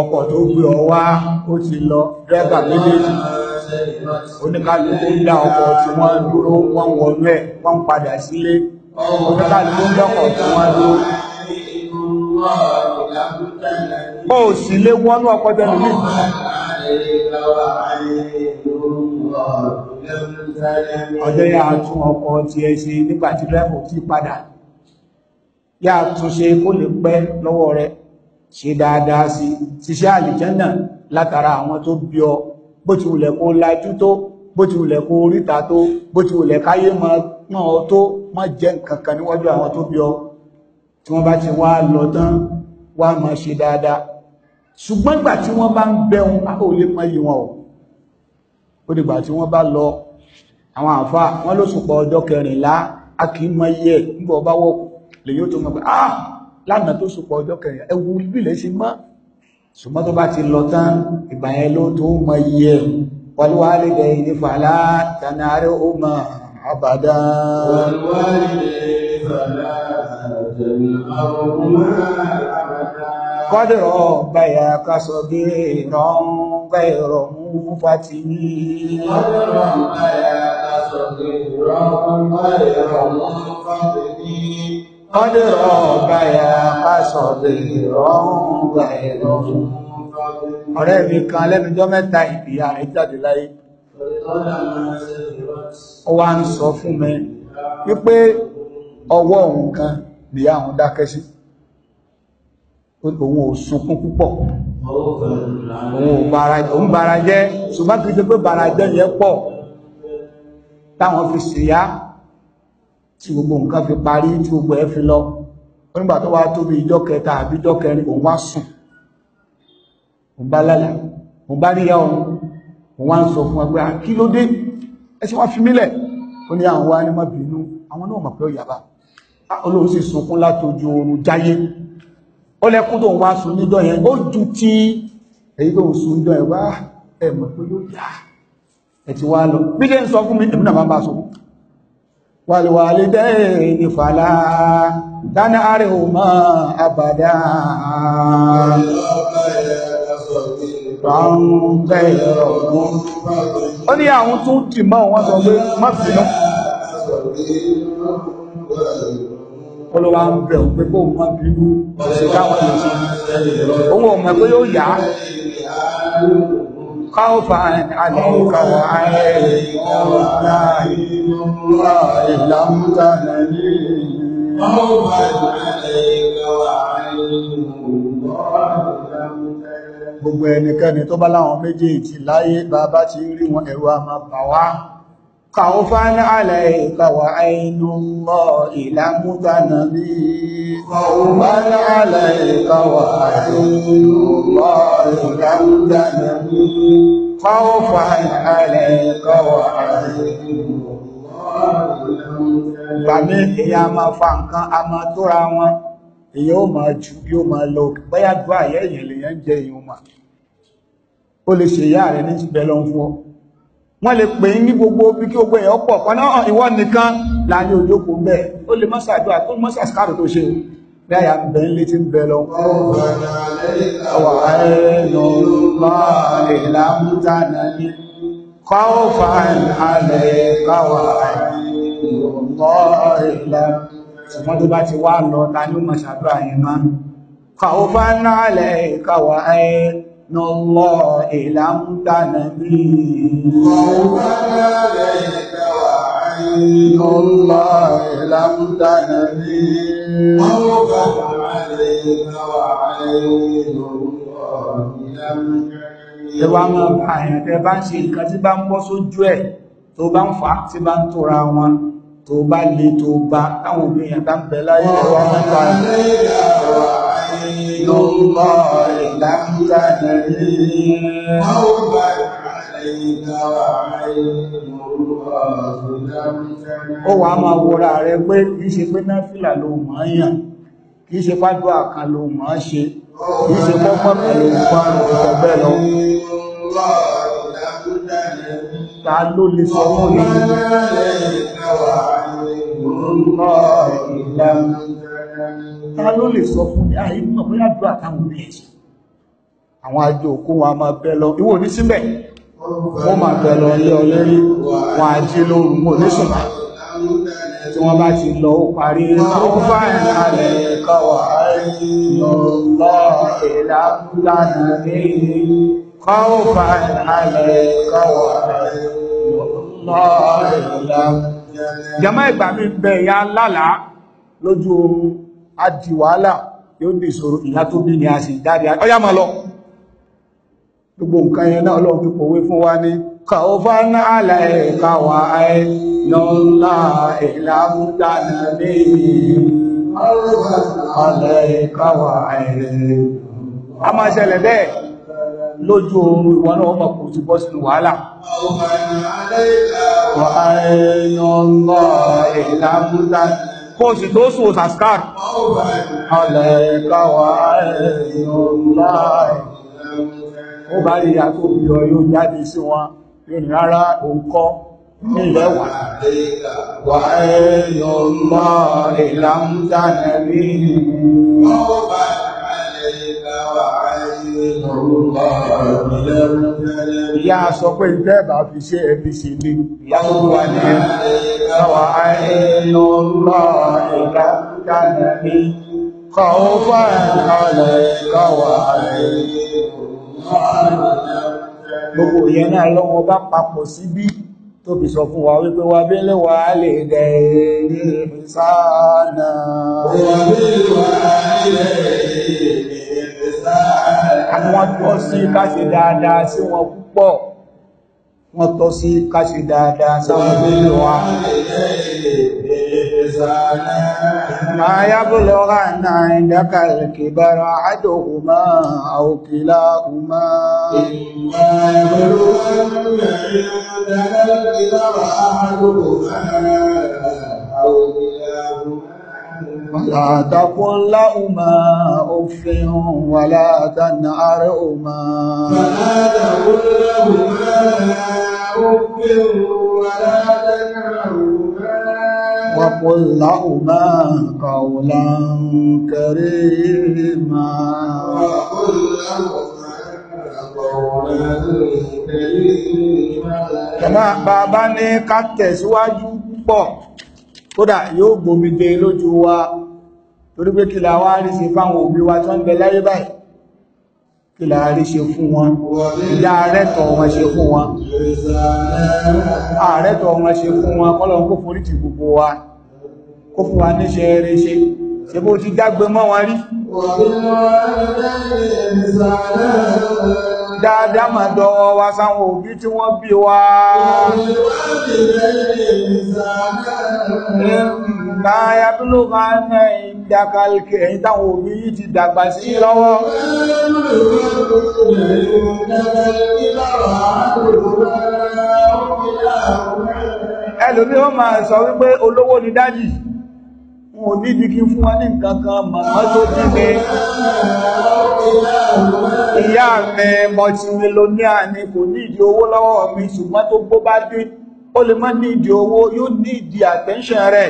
ọkọ̀ tó gbé ọ wá ó ti lọ dẹ́gbà méjèèjì oníkàlùkù ń dá ọkọ̀ tí wọ́n dúró wọ́n wọnú ẹ̀ wọ́n ń padà sílé oníkàlùkù ń dọ́kọ̀ tí wọ́n dúró bọ́ ò sì lé wọ́nú ọkọ̀ tẹ́lú ní ọjọ́ yà tún ọkọ̀ tí ẹ ṣe nígbàtí rẹ́pù tí padà yà tún ṣe kó lè pẹ́ lọ́wọ́ rẹ̀ ṣe dáadáa sí ṣiṣẹ́ àlìjẹ́nà látara àwọn tó bí ọ bó ti wùlẹ̀ kó lajú tó bó ti wùlẹ̀ kó ríta tó bó ti wùlẹ̀ káyé mọ́ ọ tó mọ́ jẹ́ kankan níwájú àwọn tó bí ọ tí wọ́n bá ti wá lọ tán wá máa ṣe dáadáa ṣùgbọ́n ìgbà tí wọ́n bá ń bẹ̀rùn a ò lè wọn o ó dìgbà tí wọ́n bá lọ àwọn àfa wọn ló sùpọ̀ ọjọ́ kẹrìnlá a kì í nígbà ọba wọ̀ lèyí ó tó mọ̀ pé ah lánàá tó sopọ̀ ọjọ́ kẹrin ẹwù bílẹ̀ sí mọ́ ṣùgbọ́n tó bá ti lọ tán ìgbà yẹn ló tó mọ iye wàlúwàlẹ̀ ìdí fàlá tànàrí ó mọ àbàdá kọ́dọ̀rọ̀ báyà kásọ bí ìran kẹrọ mú fàtí ní mú fàtí ní ọdọ́rọ̀ báyà pásọ̀dé ọ̀hún gbà ẹ̀rọ ọ̀rẹ́ mi kan lẹ́nujọ́ mẹ́ta ìbìyà rẹ̀ jáde láyé ó wá ń sọ fún mi wípé ọwọ́ òun kan bí àwọn dákẹ́ sí òun ò sunkún púpọ̀ òun bara jẹ́ ṣùgbọ́n kìí ṣe pé bara jẹ́ yẹn pọ̀ táwọn fi ṣìyá tí gbogbo nǹkan fi parí tí gbogbo ẹ fi lọ nígbà tó wá tóbi ìjọ kẹta àbí ìjọ kẹrin òun wá sùn òun bá lálàá òun bá níyà òun òun wá ń sọ fún ẹgbẹ́ kí ló dé ẹ ṣe wá fi mílẹ̀ ó ní àwọn wá ní má bínú àwọn náà mọ̀ pé ó yàbá olóhùn sì sunkún látojú oorun jáyé ó lẹ́kún tóun wá sùn níjọ yẹn ó ju ti èyí tóun sùn níjọ yẹn wá ẹ mọ̀ pé yóò yá ẹ ti wá lọ bí ṣe ń sọ fún mi èmi náà máa bá sọ fún والوالدين فلا تنهرهما أبدا ó ní àwọn tó ń dì mọ́ wọn sọ pé má bínú olówá ń bẹ̀ òun pé kó má bínú ọ̀sẹ̀ káwọn èèyàn owó ọmọ ẹgbẹ́ yóò yá خوفا عليك وعليك وعليك الله لم تنني خوفا عليك وعليك gbogbo ẹnikẹ́ni tó bá láwọn méjèèjì láyé bá bá ti rí wọn ẹ̀rù a wá خوفا عليك وعين الله لم تنبي خوفا عليك وعين الله لم تنبي خوفا عليك وعين Bàmí èyàn a máa fa nǹkan a máa tóra wọn, èyàn ó máa jù yóò máa lọ, bóyá dúà àyẹ́ èyàn lèyàn jẹ èyàn mà. Ó lè ṣe ìyá rẹ̀ ní ìbẹ̀lọ́ fún ọ wọ́n lè pè ní gbogbo bí kí gbogbo èèyàn pọ̀ kọ́nà ah, ìwọ nìkan láàrin òjòkó bẹ́ẹ̀ ó lè mọ́sà àdúrà tó mọ́sà skáàrù tó ṣe láyà bẹ̀ ń létí bẹ̀ lọ ṣùgbọ́n tó bá ti wá lọ ta ní mọ̀ṣàdúrà yẹn máa kàwọ́ fánà lẹ́ ẹ̀ẹ́ الله لم تنبيه مولانا لك وعين الله لم تنبيه مولانا عليك وعين الله لم bá ń ṣe nǹkan tí bá ń bọ́ sójú ẹ̀ tó bá ń fà tí bá ń tóra wọn tó bá le tó bá táwọn obìnrin yẹn láyé ẹ̀wọ̀n mẹ́ta إلى الله لم تدري توبا عليك وعين الله لم تدري ó wàá máa wọra rẹ pé kì í ṣe pé náfìlà ló mọ̀ ọ́n yàn kì í ṣe fádùá kan ló mọ̀ ló ń pa ọ̀pọ̀ bẹ́ẹ̀ lọ. ta ló lè sọ fún mi ta ló lè sọ fún ní ààyè mọ̀ bóyá àdúrà táwọn òbí ẹ̀ àwọn àjò òkú wọn a máa bẹ lọ ìwọ ní síbẹ̀ wọ́n máa bẹ lọ ilé ọlẹ́rí wọn àjí lóru mọ̀ nísùn tí wọ́n bá ti lọ ó parí ọgbà ìrìnàlẹ̀ kọwà ìlọ́lọ́ ìlàmúlànà ní kọwà ìlọ́lọ́ á di wàhálà yóò dì ìṣòro ìyá tó bí ní a sì jáde ọyá máa lọ gbogbo nǹkan yẹn náà lọ́wọ́ fi pòwe fún wa ní kàófà náà láìka wà áì nọ́lá náà ọmọ kò ti bọ́ sínú wàhálà wà kó sì tó sùn sàskar ó bá rí àtóbi ọ yóò jáde sí wọn yóò ní rárá òun kọ́ ní ilẹ̀ wà wà ẹ̀yọ̀ mọ́ ìlàmúdánẹ̀bí Ìyá sọ pé ìgbẹ́ bá fi ṣe ẹbí ṣe ní láwọ́wà ní ẹ̀sọ́wà àìyànlọ́ ìgbàkánà ní kọ̀ ó fà ẹ̀kọ́lẹ̀ ìkọwà Gbogbo ìyẹn náà lọ́wọ́ bá papọ̀ síbí tó fi sọ fún wa wípé wà bí lè wà lè dẹ̀ ní ìsáànà. Wà bí lè wà lè dẹ̀ ní ìsáànà wọ́n tọ́ sí káṣe dáadáa sí wọn púpọ̀ wọ́n tọ́ sí káṣe dáadáa sáwọn nílò wa máa yábùlọ́ rà náà ìdáka ìkìbára àjòhùmá àòkìlá hùmá Àwọn ìlànà ولا تقل لهما أف ولا تنهرهما ولا تقل لهما أف ولا تنهرهما وقل لهما قولا كريما وقل لهما Kẹ̀mọ́ bàbá ní ká tẹ̀síwájú pọ̀ kódà yóò gbomi gbé lójú wa torí pé kí la wá rí ṣe fáwọn òbí wa tó ń bẹ láyé báyìí kí la rí ṣe fún wọn ìyá àrẹ́tọ̀ wọn ṣe fún wọn àrẹ́tọ̀ wọn ṣe fún wọn kọ́lọ̀ kó foríjì gbogbo wa kó fún wa níṣẹ́ rẹ̀ ṣe ṣe bó ti dágbé mọ́ wọn rí dáadáa máa dọ́wọ́ wa sáwọn òbí tí wọ́n bí wa Báyá bí ló máa ń náà ìdákalkẹ̀ ẹ̀yìn táwọn òbí yìí ti dàgbà sí lọ́wọ́. Ẹlòmí ó máa sọ wípé olówó ni dádì wọn ò ní dìkí fún wa ní nǹkankan màmá tó jí mi ìyá mi mọ̀tímílóníà ni kò ní ìdí owó lọ́wọ́ mi ṣùgbọ́n tó gbó bá dé ó lè má ní ìdí owó yóò ní ìdí attention rẹ̀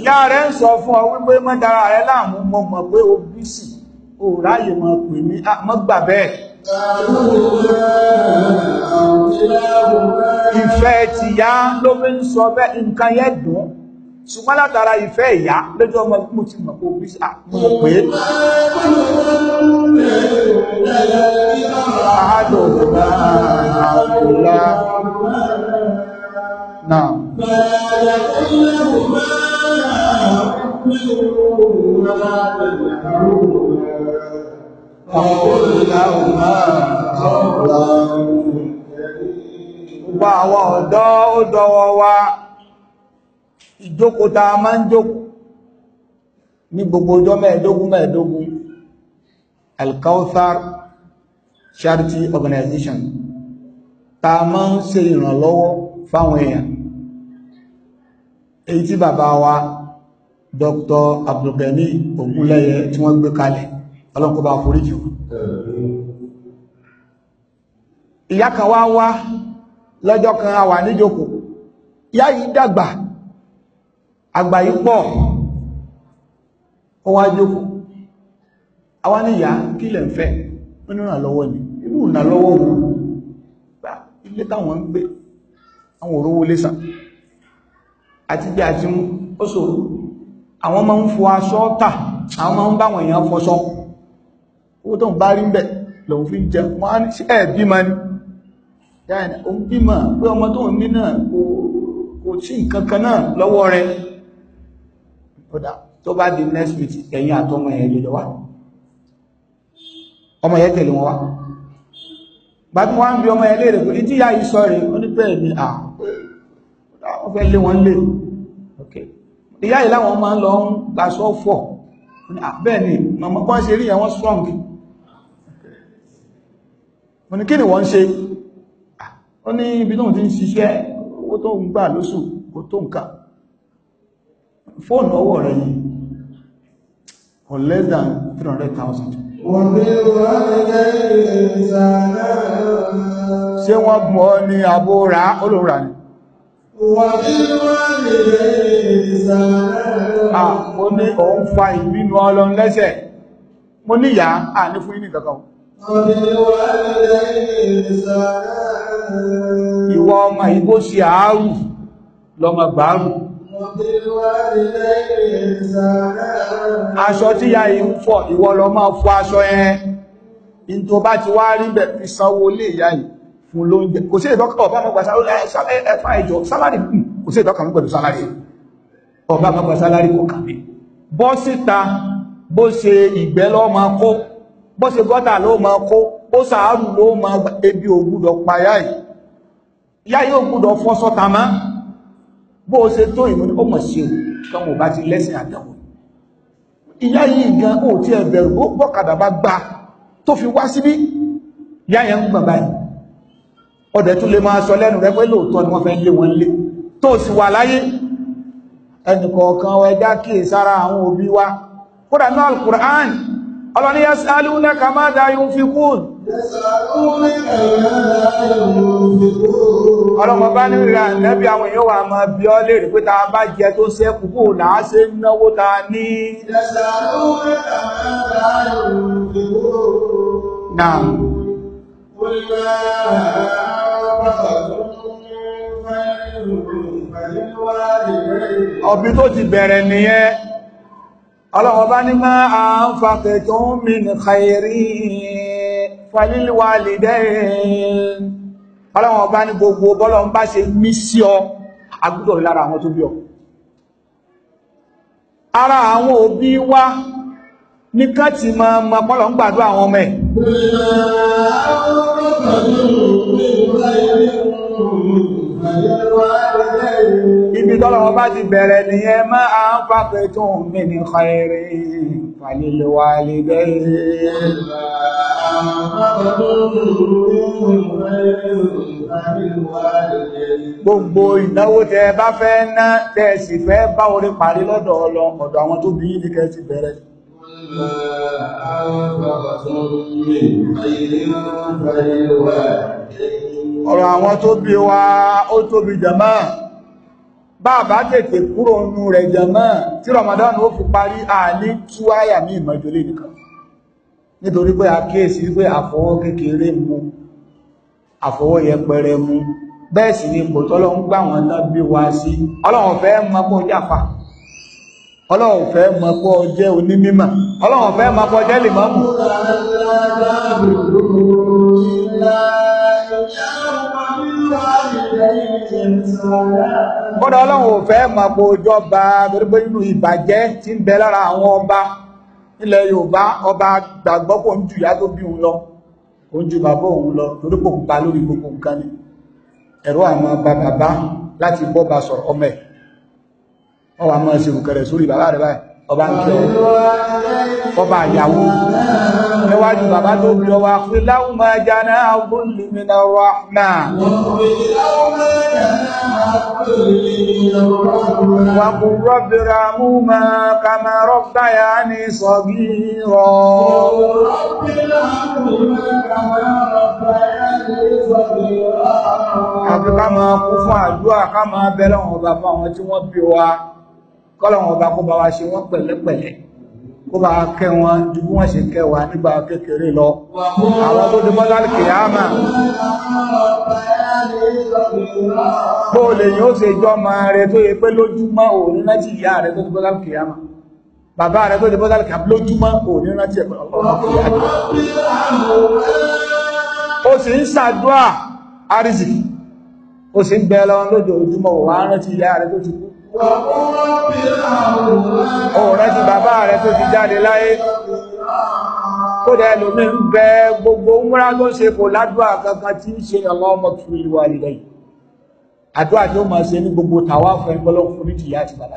ìyá rẹ̀ ń sọ fún ọ wípé mọ́ rẹ̀ láàmú mọ́ mọ̀ pé o bí sì ò ráyè mọ̀ pè ní ah, mọ́gbà bẹ́ẹ̀ ìfẹ́ ti yá ló fi ń sọ bẹ́ nǹkan yẹ́ dùn ṣùgbọ́n látara ìfẹ́ ìyá lójú ọmọ mú ti mọ̀ kó bí mọ̀ pé àádọ́ فقل gbogbo àwọn ọ̀dọ́ ó dọwọ́ wa ìjókòó tá a máa ń jókòó ní gbogbo ọjọ́ mẹ́ẹ̀ẹ́dógún mẹ́ẹ̀ẹ́dógún Al-Kawthar Charity Organization tá a máa ń ṣe ìrànlọ́wọ́ fáwọn èèyàn èyí tí bàbá wa Dr. Abdulgani Ogunleye tí wọ́n gbé kalẹ̀ ọlọ́run kó bá forí jù ìyá kan wá wá lọ́jọ́ kan a wà níjòkó ìyá yìí dàgbà àgbà yìí pọ̀ ó wá jókòó àwa ní ìyá kí lẹ̀ ń fẹ́ nínú ìrànlọ́wọ́ ni inú ìrànlọ́wọ́ wù ilé táwọn ń gbé àwọn òrówó lésà àti jẹ́ àti mú ó ṣòro àwọn máa ń fọ aṣọ tà àwọn máa ń bá àwọn èèyàn owó tó ń bá rí ń bẹ̀ lòun fi ń jẹ wọ́n á ní ṣe ẹ̀ bímọ ni dáìnà òun bímọ pé ọmọ tó ń ní náà kò sí nǹkan kan náà lọ́wọ́ rẹ̀ kódà tó bá di next week ẹ̀yìn àtọmọ yẹn jọjọ wá ọmọ yẹn tẹ̀lé wọn wá gbàtí wọ́n ń bi ọmọ yẹn léèrè pé ìdí ìyá yìí sọ rẹ̀ ó ní bẹ́ẹ̀ ni à ah, wọ́n fẹ́ lé wọn lé ìyá yìí láwọn máa ń lọ ń gbaṣọ́ fọ̀ ah, bẹ́ẹ̀ ni màmá kan ṣe rí yẹn strong mo ní kí ni wọ́n ń ṣe ah, ó ní ibi náà ti ń ṣiṣẹ́ owó tó ń gbà lóṣù kò tó nǹkan fóònù ọwọ́ rẹ̀ yìí kò less than 300,000 ṣé wọ́n mọ́ ní àbó rà olóòrà ni ah, ó ní òun fa ìbínú ọlọ́run lẹ́sẹ̀ mo níyà ní fún yín ní Ìwọ ọmọ ìgbó ṣe àárù lọmọ gbàárù. Aṣọ tí ya yìí ń fọ̀, ìwọ lọ máa fọ aṣọ ẹ. In tó bá ti wá rí bẹ̀ fi sanwó lè yá yìí fún lóúnjẹ. Kò sí ìdọ́kọ̀ ọ̀bá mọ́gbà sálárì hmm, kò sí ìdọ́kọ̀ kò kàmí. Bọ́ bó ṣe gọ́tà ló ma kó ó sàárù ló ma ebi ògbúdọ̀ payá yìí yá yóò gbúdọ̀ fọ́ sọ́ta má bó ṣe tó ìmúni ó mọ̀ sí o kọmọ̀ bá ti lẹ́sìn àdánwò ìyá yìí gan ó ti ẹ̀bẹ̀rù ó gbọ́kàdà bá gba tó fi wá síbí yá yẹn ń gbọ̀n báyìí ọdẹ tún lè máa sọ lẹ́nu rẹ pé lóòótọ́ ni wọ́n fẹ́ lé wọn lé tó sì wà láyé ẹnìkọ̀ọ̀kan ẹja kíyèsára àwọn òbí wa kódà náà Al-Qur'an ọba ní yas'alunaka ma da yunfikun ọlọ́mọ bá ní ìrìn ànẹ́bí àwọn èèyàn wà máa bí ọ lè rí pé ta bá jẹ tó ṣe kúkú làá ṣe náwó ta ní náà ọbí tó ti bẹ̀rẹ̀ nìyẹn ọlọ́wọ́ bá ní máa à ń fàkẹ̀ tó ń mi ní kàìrí falílwà lè dẹ́rin ọlọ́wọ́ bá ní gbogbo bọ́lọ̀ ń bá ṣe mí sí ọ agbúdọ̀ lára àwọn tó bí ọ ara àwọn òbí wa ní ká ti ma ma pọ́lọ̀ ń gbàdú àwọn ọmọ ẹ̀ Thank you ibi tọ́lọ́wọ́ bá ti bẹ̀rẹ̀ nìyẹn mọ́ à ń fàfẹ́ tó ń mì ní xayẹrẹ fàlélẹ́wà lè bẹ́ẹ̀. gbogbo ìnáwó tẹ bá fẹ́ ná tẹ sì fẹ́ bá orí parí lọ́dọ̀ Ọlọ́run ọ̀dọ̀ àwọn tó bí ní kẹ́ bẹ̀rẹ̀. ọ̀rọ̀ àwọn tó bí wa ó tóbi jàmáà. bàbá tètè kúrò nú rẹ̀ jẹmọ́ tí Ramadan ó fi parí àní tú àyà ní ìmọ̀jọ́lé nìkan nítorí pé àkíyèsí àfọwọ́ kékeré mu àfọwọ́ yẹpẹrẹ mu bẹ́ẹ̀ sì ni kò ń gbà wọn tán bí wá sí ọlọ́run fẹ́ mọ pé ó jàfà ọlọ́run fẹ́ mọ pé ó jẹ́ kódà ọlọ́run ò fẹ́ mọ̀ pé ojú ọba torí pé nínú ìbàjẹ́ tí ń bẹ lára àwọn ọba nílẹ̀ yorùbá ọba gbàgbọ́ kò ń jù ìyá tó bí òun lọ kò ń bàbá òun lọ torí kò pa lórí gbogbo nǹkan ni ẹ̀rọ àwọn ọba bàbá láti bọ́ bá sọ̀rọ̀ ọmọ ẹ̀ wọ́n wà ẹ̀sìn òkèrè sórí bàbá rẹ̀ báyìí ọba ń kí ọ ọba àyàwó ẹwájú bàbá tó bí ọwà pé láwọn máa já náà ọgbọ́n lè mi náà wà náà wà kò rọ́bìnrin mú máa ká máa rọ́bà yá ní sọ̀gí rọ̀ àfi máa kú fún àdúrà ká máa bẹ̀rẹ̀ wọn tí wọ́n bí wa kọ́lọ̀wọ̀n ọba kó bá wa ṣe wọ́n pẹ̀lẹ́pẹ̀lẹ́ kó bá kẹ́ wọn ju bí wọ́n ṣe kẹ́ wa nígbà kékeré lọ àwọn tó di mọ́lálì kìyàmà bó lè yóò ṣe jọ ma rẹ tó yẹ pé lójúmọ́ òní láti ìyá rẹ tó di mọ́lálì kìyàmà bàbá rẹ tó di mọ́lálì kìyàmà lójúmọ́ òní láti ẹ̀kọ́ ó sì ń ṣàdúà àrísìkì ó sì ń bẹ lọ lójoojúmọ́ òwà rántí ìyá rẹ tó ti kú ọ̀rẹ́ ti bàbá rẹ̀ tó ti jáde láyé kó dẹ̀ lómi ń bẹ gbogbo múra tó ṣe kò ládùá kankan tí ń ṣe Allahumma fún ìwà rẹ̀ àdúrà tí ó máa ṣe ní gbogbo tàwa fún ẹgbọ́lọ́ fún ní ìyá àti bàbá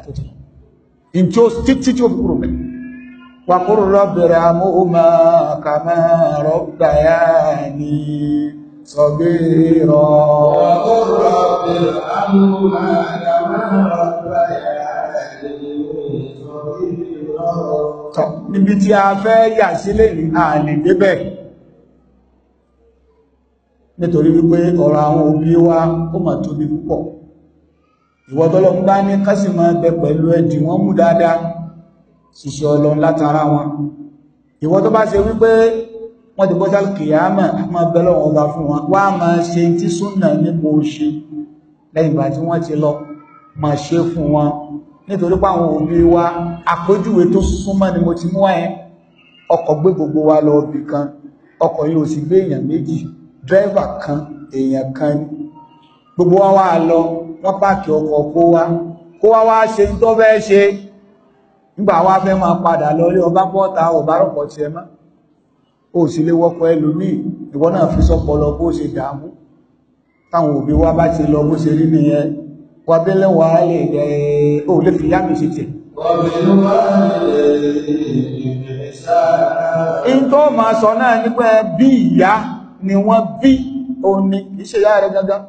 tọ̀ níbi tí a fẹ́ yà sílẹ̀ ní ààlè débẹ̀ nítorí wípé ọ̀rọ̀ àwọn òbí wa ó mà tóbi púpọ̀ ìwọ tọ́lọ́ ń bá ní kásì máa bẹ pẹ̀lú ẹ̀dì wọ́n mú dáadáa ṣiṣẹ́ ọlọ́run látara wọn ìwọ tó bá ṣe wípé wọ́n ti bọ́sá kìyàmọ̀ àmọ́ bẹ́lọ̀ ọba fún wọn wá máa ṣe tí súnà nípo ṣe lẹ́yìn ìgbà tí wọ́n ti lọ máa ṣe fún wọn nítorí pé àwọn òbí wa àpèjúwe tó súnmọ́ ni mo ti mú ẹ ọkọ̀ gbé gbogbo wa lọ ibì kan ọkọ̀ yìí ò sì gbé èèyàn méjì dírẹ́fà kan èèyàn kan ni gbogbo wa wá lọ wọ́n páàkì ọkọ̀ kó wá kó wá wá ṣe ń tó fẹ́ ṣe nígbà wá fẹ́ máa padà lọlé ọba pọ́ta ọba rọ̀pọ̀ tiẹ̀ mọ́ ó sì lè wọ́pọ̀ ẹlòmíì ìwọ náà fi sọ́pọ̀ lọ bó ṣe dààmú táwọn òbí wa bá ti lọ bó ṣe rí nìyẹn wàbílẹ̀ wà lè dẹ̀ ó lè fi yá mi sí tẹ̀. in tó máa sọ náà nípa bí ni wọ́n bí òun ni kìí ṣe yá rẹ̀ gangan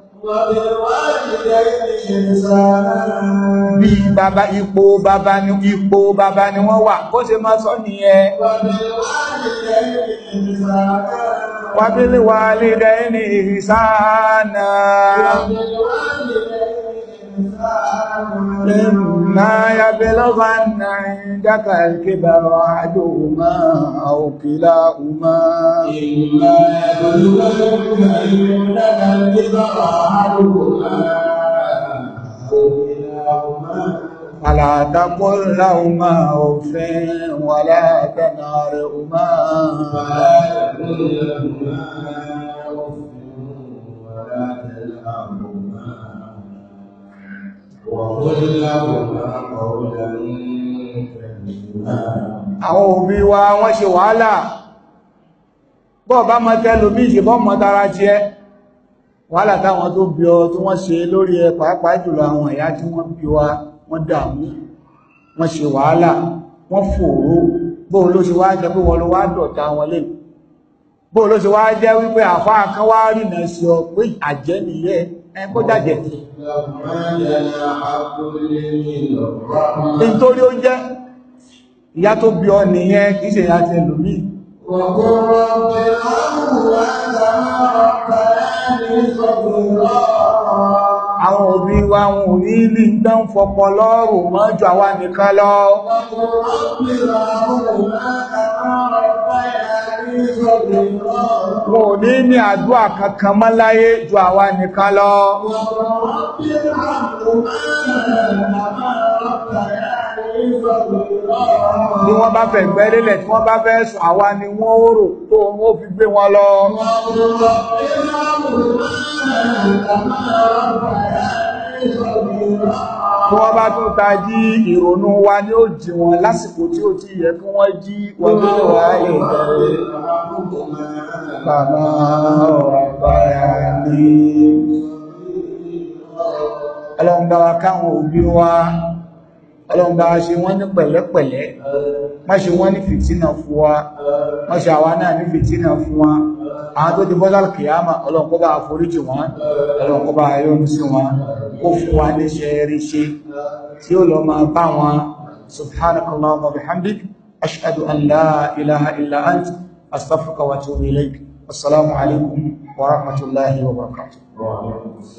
bí bàbá ipò bàbá ni ipò bàbá ni wọ́n wà bó ṣe máa sọ nìyẹn wàbílẹ̀ wà lè dẹ̀ ní ìsáànà مما يبلغن عندك الكبر أحدهما أو كلاهما إما يبلغن عندك الكبر أحدهما فلا تقل لهما أف ولا تنهرهما فلا تقل لهما àwọn òbí wa wọ́n ṣe wàhálà bọ́ bá mọ́ tẹ́lù bí ìṣẹ́bọ́ mọ́ dára tí ẹ wàhálà táwọn tó bí ọ tí wọ́n ṣe lórí ẹ pàápàá jùlọ àwọn ìyá tí wọ́n bí wa wọ́n dààmú wọ́n ṣe wàhálà wọ́n fòòró bóò wá jẹ́ wípé àfáà kan wá rìnà sí ọ pé àjẹ́ nìyẹn ẹgbọ́jájẹ̀ nítorí ó jẹ́ ìyá tó bí ọ nìyẹn kìí ṣe ìyá ti ẹlòmí Wọ̀gbọ̀rọ̀ bẹ̀rẹ̀ àwọn àwọn àwọn àwọn àwọn àwọn òbí wa wọn ò ní ilé ìdán fọpọ lọ́rùn mọ́jọ àwa nìkan lọ wọn ò ní ní àdúrà kankan mọ́ láyé ju àwa nìkan lọ bí wọ́n bá fẹ́ gbẹ́ lélẹ̀ tí wọ́n bá fẹ́ sùn àwa ni wọ́n ó rò tó wọ́n ó fi gbé wọn lọ. Tí wọ́n bá tún tají ìrònú wa ni ó jì wọ́n lásìkò tí ó ti yẹ kí wọ́n jí wọ́n tó wà lè bẹ̀rẹ̀. Bàbá ọ̀rọ̀ bàyà ni. Ọlọ́run dára káwọn òbí wa ọlọ́run bá ṣe wọ́n ní pẹ̀lẹ́pẹ̀lẹ́ má ṣe wọ́n ní fìtínà fún wa má ṣe àwa náà ní fìtínà fún wa àwọn tó ti bọ́ sálà kìyàmà ọlọ́run kó bá foríjì wọn ọlọ́run kó bá yọ́nú sí wọn kó fún wa ní ṣe rí ṣe tí ó lọ máa bá wọn subhanakallahumma wa bihamdik ashhadu an la ilaha illa ant astaghfiruka wa atubu ilaik assalamu alaikum wa rahmatullahi wa barakatuh